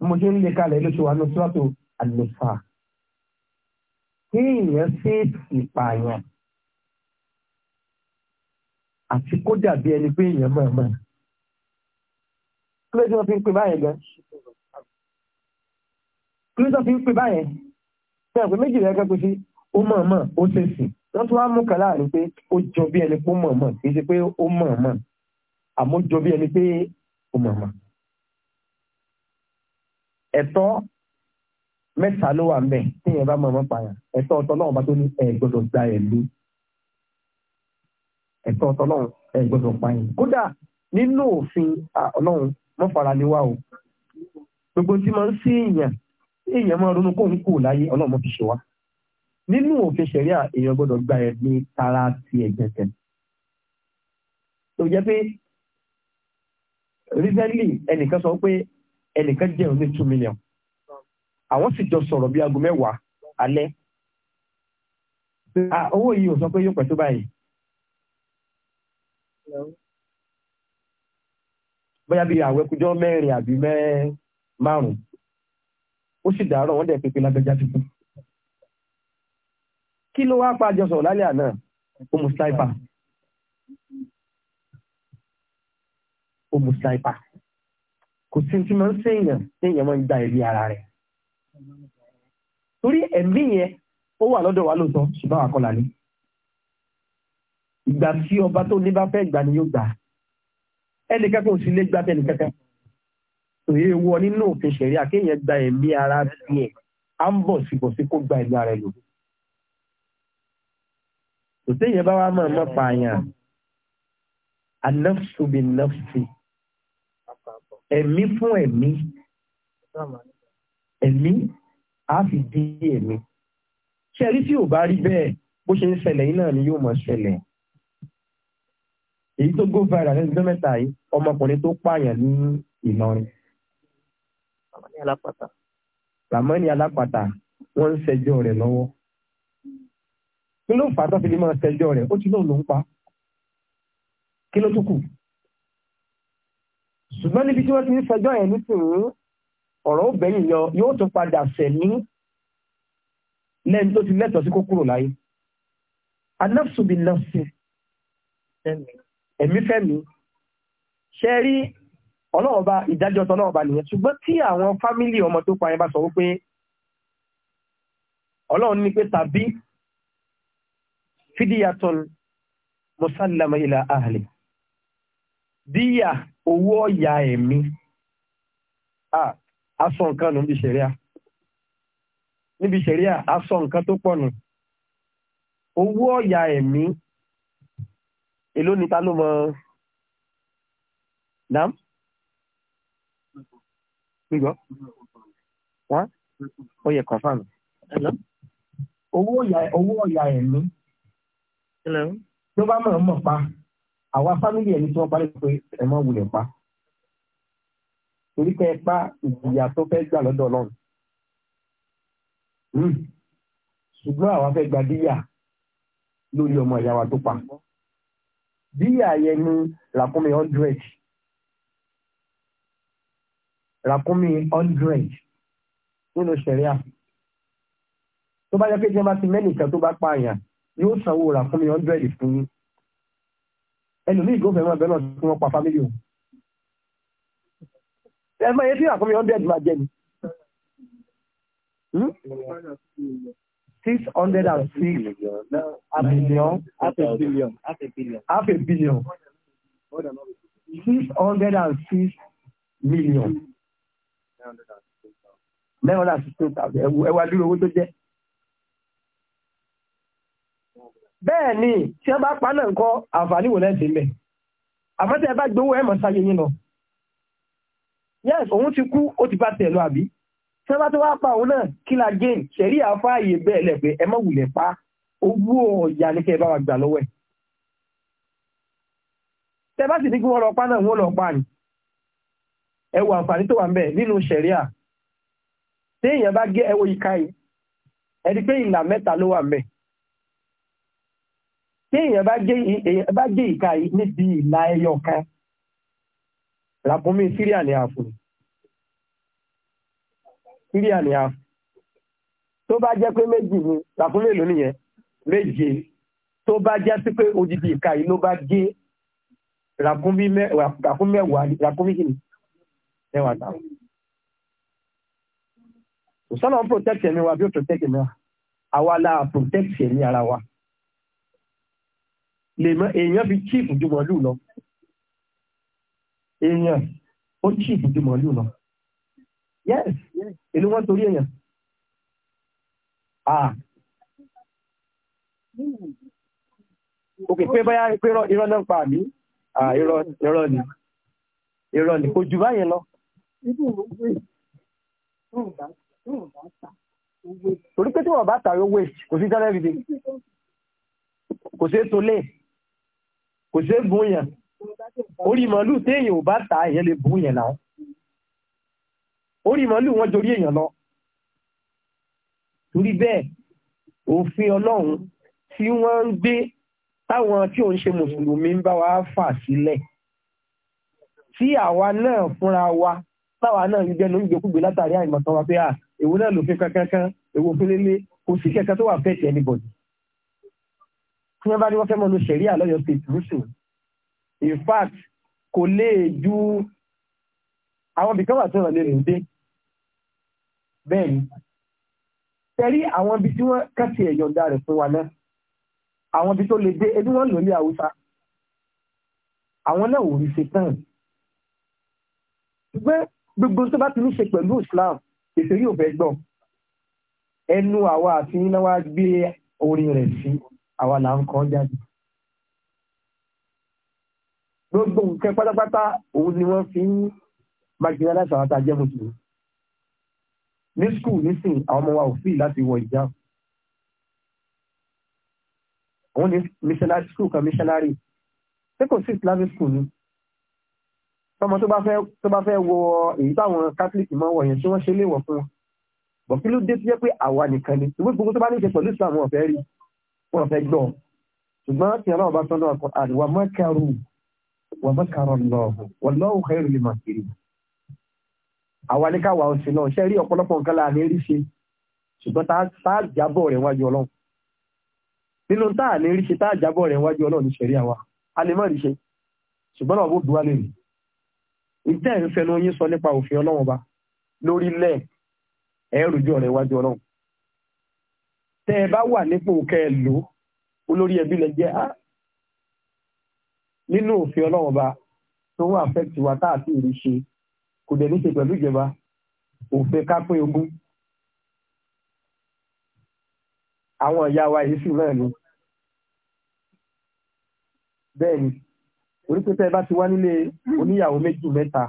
mo ṣe ń lè kalẹ̀ lóṣù wa ní sọ́tò àlùfà kéèyàn ṣe ìpààyàn àti kó dàbí ẹni pé èèyàn mọ̀ mọ̀ kílé tí wọ́n fi ń pè báyẹn gan kílé tí wọ́n fi ń pè báyẹn tẹ́ ọ̀pẹ méjì rẹ̀ kẹ́kọ̀ọ́ sí ó mọ̀ mọ̀ ó ṣe sì wọ́n tún wá mú kan láàrin pé ó jọ bí ẹni pé ó mọ̀ mọ̀ kì í ṣe pé ó mọ̀ mọ̀ àmọ́ jọ bí ẹni pé ó mọ̀ mọ̀ ẹ̀tọ́ mẹ́ta ló wà ńbẹ̀ téèyàn bá mọ̀ mọ̀ pààyàn ẹ̀tọ́ ọ̀tọ̀ náà bá tó ní ẹ̀ gbọ́dọ̀ gba ẹ̀ lú ẹ̀tọ́ ọ̀tọ̀ náà ẹ̀ gbọ́dọ̀ pààyàn kódà nínú òfin ọlọ́run mọ́ fara lé wa o gbogbo tí máa ń sí èèyàn èèyàn máa ronú kóun kù láyé ọlọ́mọ fi ṣe wá nínú òfin ṣẹ̀ríà èèyàn gbọ́dọ̀ gba ẹ̀mí tara ti ẹ̀gbẹ̀tẹ̀ tó jẹ́ pé recently ẹnìkan sọ pé ẹnìkan jẹun ní two million àwọn sì jọ sọ̀rọ̀ bí aago mẹ́wàá alẹ́ owó yìí ò sọ pé yóò pẹ̀ tó báyìí bóyá bí àwẹ̀ kújọ́ mẹ́rin àbí mẹ́rin márùn-ún ó sì dàárọ̀ wọ́n dẹ̀ pépé lágbẹ́já tó kú. kí ló wá pa àjọsọ̀ lálẹ́ àná ó mu sniper ó mu sniper kò sí tí máa ń séèyàn séèyàn máa ń gba ẹ̀mí ara rẹ̀ torí ẹ̀mí yẹn ó wà lọ́dọ̀ wa lóòótọ́ ṣùgbọ́n àkọlà ni ìgbà tí ọba tó ní bá fẹ́ gbà ni yóò gbà á ẹnìkankan ò sì lè gba tẹnìkankan òye wọ nínú òfin ṣẹ̀rí àkéèyàn gba ẹ̀mí ara tiẹ̀ á ń bọ̀ sí bọ̀sí kó gba ẹ̀mí ara ẹ̀ lò. òtẹ́yìn bá wà máa mọ́ pààyàn anafsu bin nafsi ẹ̀mí fún ẹ̀mí ẹ̀mí á fi dí ẹ̀mí ṣẹ̀rí tí ò bá rí bẹ́ẹ̀ bó ṣe ń ṣẹlẹ̀ yìí náà ni yóò máa ṣẹlẹ̀ èyí tó go viral lẹ́nu tó mẹ́ta yìí ọmọkùnrin tó pààyàn ní Ìlọrin. Ramani Alápàtà. Ramani Alápàtà wọ́n ń ṣẹjọ́ rẹ̀ lọ́wọ́. Kí ló fà á tó fi lè máa ṣẹjọ́ rẹ̀? Ó ti lóun ló ń pa. Kí ló tún kù? Ṣùgbọ́n níbi tí wọ́n ti ń ṣẹjọ́ yẹn nísìnyí, ọ̀rọ̀ ó bẹ̀yìn lọ, yóò tún padà ṣẹ̀ ní lẹ́ni tó ti lẹ́tọ̀ọ́ sí kó kúrò láyé. Anáfsùbí náà ṣe ẹ̀mí fẹ́mi ṣe rí ọlọ́ọ̀ba ìdájọ́ tọ́lọ́ọ̀ba nìyẹn ṣùgbọ́n tí àwọn fámílì ọmọ tó pa yẹn bá sọ wípé ọlọ́run ní pé tàbí fídíyàtọ̀n mọ́sálàmà ilà ahli díyà owó ọ̀yà ẹ̀mí aṣọ nǹkan nù níbi ṣẹ̀ríà níbi ṣẹ̀ríà aṣọ nǹkan tó pọ̀ nù owó ọ̀yà ẹ̀mí èló ni ta ló mọ dam gbígbọ́ wọ́n ó yẹ confam owó ọ̀yà owó ọ̀yà ẹ̀mí tó bá mọ̀ mọ̀ pa àwa fámìlì ẹni tí wọ́n parí pé ẹ mọ̀ wulẹ̀ pa torí pé ẹ pa ìjìyà tó fẹ́ gbà lọ́dọ̀ ọlọ́run hmm. ṣùgbọ́n àwa fẹ́ gba díyà lórí ọmọ ìyá wa tó pa díyà yẹn ni ràkúnmí hundred ràkúnmí hundred nínú sẹ̀ríà tó bá yẹ pé jẹ́ bá ti mẹ́nìkan tó bá pààyàn yóò sanwó ràkúnmí hundred fún yín ẹlòmíì gómìnà náà bẹ́ẹ̀ náà tí wọ́n pa fámílì o ẹ máa yẹ kí ràkúnmí hundred máa jẹ ni. Hmm? six hundred and six half a billion half a billion half a billion six hundred and six million nine hundred and six thousand ẹwà dúró owó tó jẹ́. bẹ́ẹ̀ ni tí wọ́n bá pa náà ń kọ́ àǹfààní wò lẹ́sìn ń bẹ̀ àfẹ́tẹ̀ ẹ bá gbowó ẹ̀ mọ̀ sáyé yín lọ. yes òun ti kú ó ti bá tẹ̀ lọ àbí tí wọ́n bá tó wá pa òun náà kí la gé ṣẹ̀rí àfáàyè bẹ́ẹ̀ lẹ̀ pé ẹ má wulẹ̀ pa owó ọ̀yà ní kẹ́ ẹ bá wa gbà lọ́wọ́ ẹ̀. tẹ bá sì ní kí wọ́n lọ pa náà wọ́n lọ pa ni ẹ wo àǹfààní tó wà ń bẹ̀ nínú ṣẹ̀rí à téèyàn bá gé ẹwọ ìka yìí ẹni pé ìlà mẹ́ta ló wà ń bẹ̀ téèyàn bá gé ìka yìí níbi ìlà ẹyọ kan làbọ́mí síríà ní àfòrò clear ni a tó bá jẹ́ pé méjì ni ràkúnmí èlò nìyẹn méje tó bá jẹ́ sí pé odidi ìka yìí ló bá gé ràkúnmí mẹ́wàá ràkúnmí kìíní mẹ́wàá dáhùn. sọ́nà ń protect ẹ̀mí wa bí ó protect ẹ̀mí wa àwa la protect ẹ̀mí ara wa lèmọ èèyàn fi chief ju lọ èèyàn ó chief ju lọ yes èlú wọ́n torí èèyàn òkè ah. pé báyá pé irọ́ náà pa àmì ah, irọ́ ni irọ́ ni kò jù báyẹn lọ torí pé tí wọ́n bá tàrí owó kò sí tẹ́lẹ̀ rìdí kò sí ètò lè kò sí ègbóyàn orí màálù téèyàn ò bá tà èèyàn lè bú yẹn náà orí màálù wọn jorí èèyàn lọ torí bẹ́ẹ̀ òfin ọlọ́run tí wọ́n ń gbé táwọn tí ò ń ṣe mùsùlùmí ń bá wa fà sílẹ̀ tí àwa náà fúnra wa táwa náà ń gbẹnu ń gbẹkúgbẹ látàrí àìmọ̀tán wa pé à èwo náà lòfin kankankan èwo fúnlélé kò sí kẹ́kẹ́ tó wà fẹ́ tẹ̀ anybody tí wọ́n bá ní wọ́n fẹ́ mọ́ lo ṣẹ̀rí àlọ́yọ̀ state lóṣù in fact kò lè ju àwọn ibì kan wà tí wọ́n lè rìn dé bẹ́ẹ̀ ni tẹ̀rí àwọn ibi tí wọ́n kẹ́sì ẹ̀yọ̀ǹda rẹ̀ fún wa náà àwọn ibi tó lè dé ebi wọ́n lò ní haúsá àwọn náà ò rí ṣe tán ṣùgbọ́n gbogbo tó bá ti ní ṣe pẹ̀lú Islam èsè yóò fẹ́ gbọ́ ẹnu àwa àti iná wa gbé orin rẹ̀ sí àwa là ń kọ́ jáde gbogbo nǹkan pátápátá òun ni wọ́n fi ń bákìrẹ́ láti àwọn àtàjẹ́ mùsùlùmí ní skul nísìn àwọn ọmọ wa ò fíì láti wọ ìjà òun ní missionary skul kan missionary tí kò sí islamic skul ni tọmọ tó bá fẹ́ wọ èyí táwọn catholic mọ́ wọ̀ yẹn tí wọ́n ṣe léèwọ̀ fún wọn bọ̀ kí ló dé tó jẹ́ pé àwa nìkan ni ìwé gbogbo tó bá ní ṣe pẹ̀lú islam wọn fẹ́ rí wọn fẹ́ gbọ́ ṣùgbọ́n tí ọlọ́run bá tọ́jú ọkọ̀ àdìwà mọ́kàrú wà mọ́kàrú lọ́ọ̀hún wọ́n lọ́ọ̀hún kẹ́rù lè máa kiri àwa ní káwa ọ̀sì náà ṣe rí ọ̀pọ̀lọpọ̀ nǹkan láàmì rí ṣe ṣùgbọ́n tá a jábọ̀ rẹ̀ wájú ọlọ́run nínú tá a ní rí ṣe tá a jábọ̀ rẹ̀ wájú ọlọ́run ní ṣẹ̀rí àwa a lè má rí ṣe ṣùgbọ́n náà bó bu wa lè rí ìtẹ́ ń fẹnu yín sọ nípa òfin ọlọ́run ba lórí lẹ̀ ẹ̀rùjọ rẹ̀ wájú ọlọ́run tẹ́ ẹ bá wà nípò kẹ́ ẹ lò olórí ẹbí lẹ jẹ́ á ah! nínú òfin ọlọ́run ba tó ń àfẹ́ tiwa tá sì rí ṣe kò dẹ̀ ní ṣe pẹ̀lú ìjọba òfin ká pín àwọn ìyá wa yìí sì náà ni bẹ́ẹ̀ ni onípẹ́tẹ́ bá ti wá nílé oníyàwó méjì mẹ́ta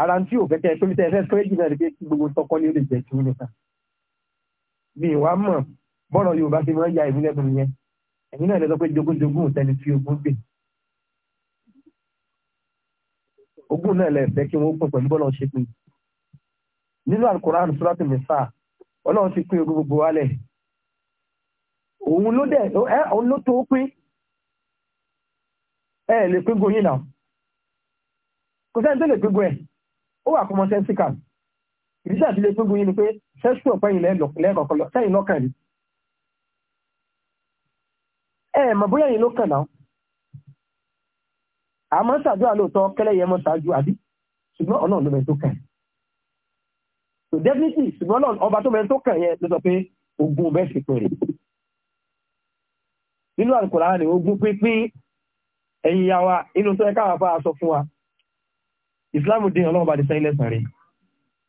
ara tí ò fẹ́kẹ́ pé mítẹ́ ẹ̀fẹ́ fẹ́ẹ́jì náà rí pé gbogbo tọkọ ní ó lè jẹ́ kí ó nìta bí ìwà mọ̀ bọ́rọ̀ Yorùbá ti máa ń ya ìmúlẹ̀ fún yẹn ẹ̀yin náà lè sọ pé jogúnjogún ò tẹni fi ogún gbè ogún náà lẹ́ẹ̀fẹ́ kí wọ́n pín pẹ̀lú bọ́lọ́n pín nínú alukoran surat nisa ọlọ́run ti pín gbogbo wálẹ̀ òun ló dẹ̀ ẹ́ òun ló tó pín ẹ lè pín goyin náà kò sẹ́ni tó lè pín go ẹ̀ ó wà kọ́mọ sẹ́ńsìkà ìdíṣà ti lè pín goyin ni pé sẹ́ṣù ọ̀pẹ́yìn lẹ́ẹ̀kọ̀ọ̀kan sẹ́yìn lọ́kàn rí ẹ̀ mọ̀ bóyá yìí ló kàn náà àmọ́ ṣàdúrà lóòótọ́ kẹ́lẹ́ yẹn mọ́ ṣáájú àbí ṣùgbọ́n ọlọ́run ló mẹ́ tó kàn so definitely ṣùgbọ́n ọlọ́run ọba tó mẹ́ tó kàn yẹn ló sọ pé ogun bẹ́ẹ̀ ṣe pèrè nínú Al-Kùránì ogun pínpín ẹ̀yìn ya wa inú tó yẹ káwọn afá sọ fún wa Islam dé ọlọ́run bá di sẹ́yìn lẹ́sàn rẹ̀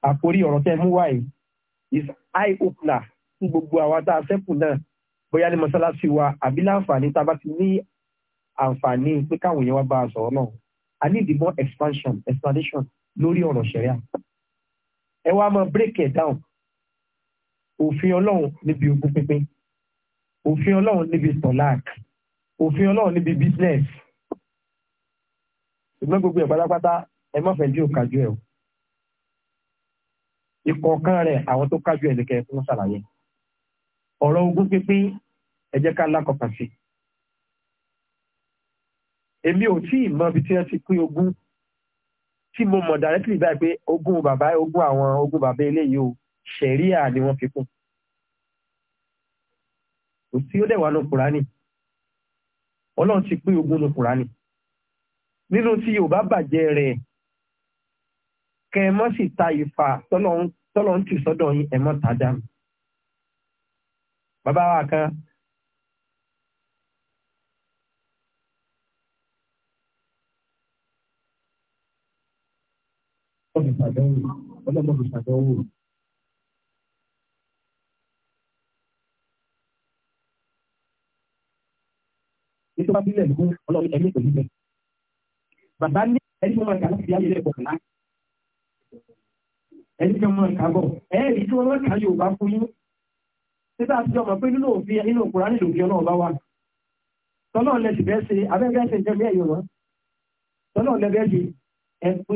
àkórí ọ̀rọ̀ tẹ́ mú wáyé is eye opener fún gbogbo àwa tá a sẹ́kù náà bóyá ní mọ́sálásí wa àbí láǹfààní tá a bá ti ní àǹfààní pé káwọn èèyàn wá bá a sọ̀rọ̀ náà a need more expansion explanation lórí ọ̀rọ̀ ṣẹ̀ríà ẹ wá máa break it down òfin ọlọ́run níbi ogún pínpín òfin ọlọ́run níbi tọ́lák òfin ọlọ́run níbi business ṣùgbọ́n gbogbo ẹ̀ pátápátá ẹ má fẹ́ dí òkájú ẹ̀ o ìkọ̀ọ̀kan rẹ̀ àwọn tó kájú ẹ̀ nìkẹ́ fún ṣàlàyé ọ̀rọ̀ ogún pínpín ẹ jẹ́ ká lákọ̀ọ́kàn sí i èmi ò tí ì mọ ibi tí wọ́n ti pín ogún tí mo mọ̀ directly báyìí pé ogún bàbá ogún àwọn ogún bàbá eléyìí o ṣẹ̀ríà ni wọ́n fi kún kò sí ó dẹ̀ wà ní kùránì ọlọ́run ti pín ogún ní kùránì nínú tí yorùbá bàjẹ́ rẹ̀ kẹ ẹ mọ́ sì ta ìfà tọ́lọ́run tì sọ́dọ̀ yín ẹ mọ́ tà dànù bàbá wa kan ọlọ́mọdé ṣàdánwò ọlọ́mọdé ṣàdánwò. Ètò bá bílẹ̀ lógún ọlọ́run ẹ̀mí kò níbẹ̀. Bàbá ní ẹni tó máa kà láti ayé ẹ̀kọ́ kàlá. Ẹni tó máa kà bọ̀, ẹ̀ẹ́dì kà yóò bá fún yín. Títà àti ọmọ pé nínú òfin nínú bá wà. bẹ́ẹ̀ ṣe ṣe jẹ́ ẹ̀yọ̀ wọn. ṣe ẹ pé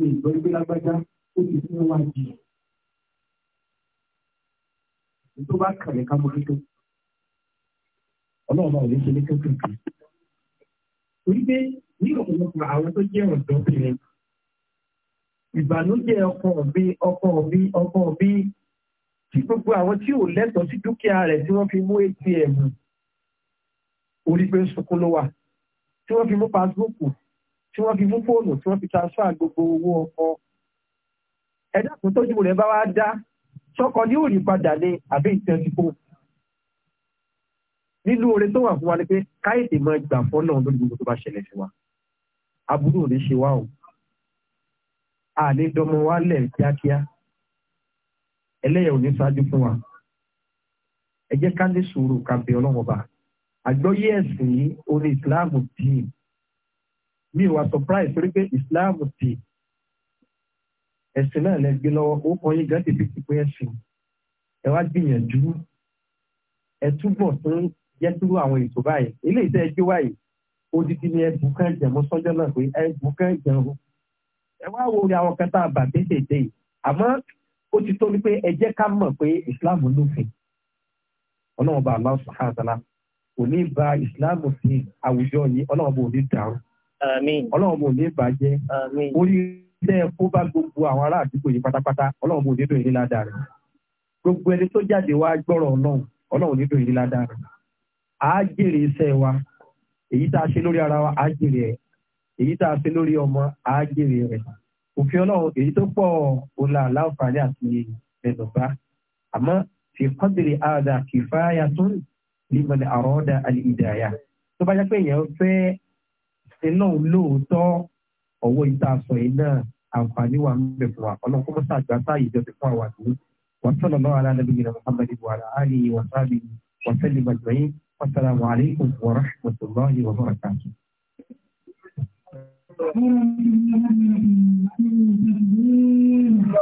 ní ìgbọ́ ìgbé lágbájá ó ti fún wa jì tó bá kàlẹ̀ ká mọ́ tó ọlọ́ọ̀bá òní ṣe ní kékeré torí pé ní ọ̀pọ̀lọpọ̀ àwọn tó jẹ́ ọ̀dọ́ kiri ìbànújẹ́ ọkọ ọ̀bí ọkọ ọ̀bí ọkọ ọ̀bí tí gbogbo àwọn tí ò lẹ́tọ̀ọ́ sí dúkìá rẹ̀ tí wọ́n fi mú atm orí pé ń sunkún ló wà tí wọ́n fi mú pasibúùkù tí wọ́n fi mú fóònù tí wọ́n fi transfer gbogbo owó ọkọ ẹ̀dá kan tójú rẹ̀ bá wá dá sọ́kọ ní òòrì padà ní àbí ìtẹ́jú fóònù nínú oore tó wà fún wa ni pé káyìdè máa gbà fọ́n náà lórí gbogbo tó bá ṣẹlẹ̀ sí wa aburú ò ní ṣe wá o àní dọmọ wa lẹ̀ kíákíá ẹlẹ́yà ò ní ṣáájú fún wa ẹ jẹ́ ká ní sùúrù ká bẹ ọlọ́wọ́ bá àgbọ́yé ẹ̀sìn yìí orí ìsìláàmù díì mi wa surprise torí pé islam ti ẹ̀sìn náà lẹ gbé lọ́wọ́ ó kàn yín gán tètè pípé ẹ̀sìn ẹ wá gbìyànjú ẹ túbọ̀ tún yẹ túrú àwọn ètò báyìí eléyìí tẹ́ ẹ gbé wáyìí odidi ni ẹ bù kán jẹ sọjọ náà pé ẹ bù kán jẹ o ẹ wá wo ni àwọn kan tá a bà tètè yìí àmọ́ ó ti tó ní pé ẹ jẹ́ ká mọ̀ pé islam lófin ọlọ́run bá aláwọ̀ sàhánà kò ba islam fi àwùjọ yìí ọlọ́run bá ò dàrú ọlọ́run bò ní bàjẹ́ orí iṣẹ́ kó bá gbogbo àwọn ará àdúgbò yìí pátápátá ọlọ́run bò ní dùn ìlú ládàá rẹ̀ gbogbo ẹni tó jáde wá gbọ́rọ̀ ọlọ́run ọlọ́run ní dùn ìlú ládàá rẹ̀ á jèrè iṣẹ́ wa èyí tá a ṣe lórí ara wa á jèrè ẹ̀ èyí tá a ṣe lórí ọmọ á jèrè rẹ̀ òfin ọlọ́run èyí tó pọ̀ ọ̀la láǹfààní àti ẹ̀dọ̀gbá àmọ́ fi kọ́bìrì àdà kìfáyà tó lè mọ̀lẹ́ àrọ́ọ̀dà àlè ìdàyà ṣe lọ́hùn lóòótọ́ ọwọ́ ìta sọ yìí náà àǹfààní wà ń bẹ fún wa ọlọ́run kó mọ́sá àgbà ti fún àwọn àdúgbò wọ́n sọ̀rọ̀ lọ́wọ́ aláàbí yìí lọ́wọ́ sábà níbo ara àárí wọ́n sábì wọ́n sẹ́lẹ̀ bàjọ́yìn wọ́n sọ̀rọ̀ àwọn àríkùn wọ́n rahmatullahi wa barakatuh. Thank you.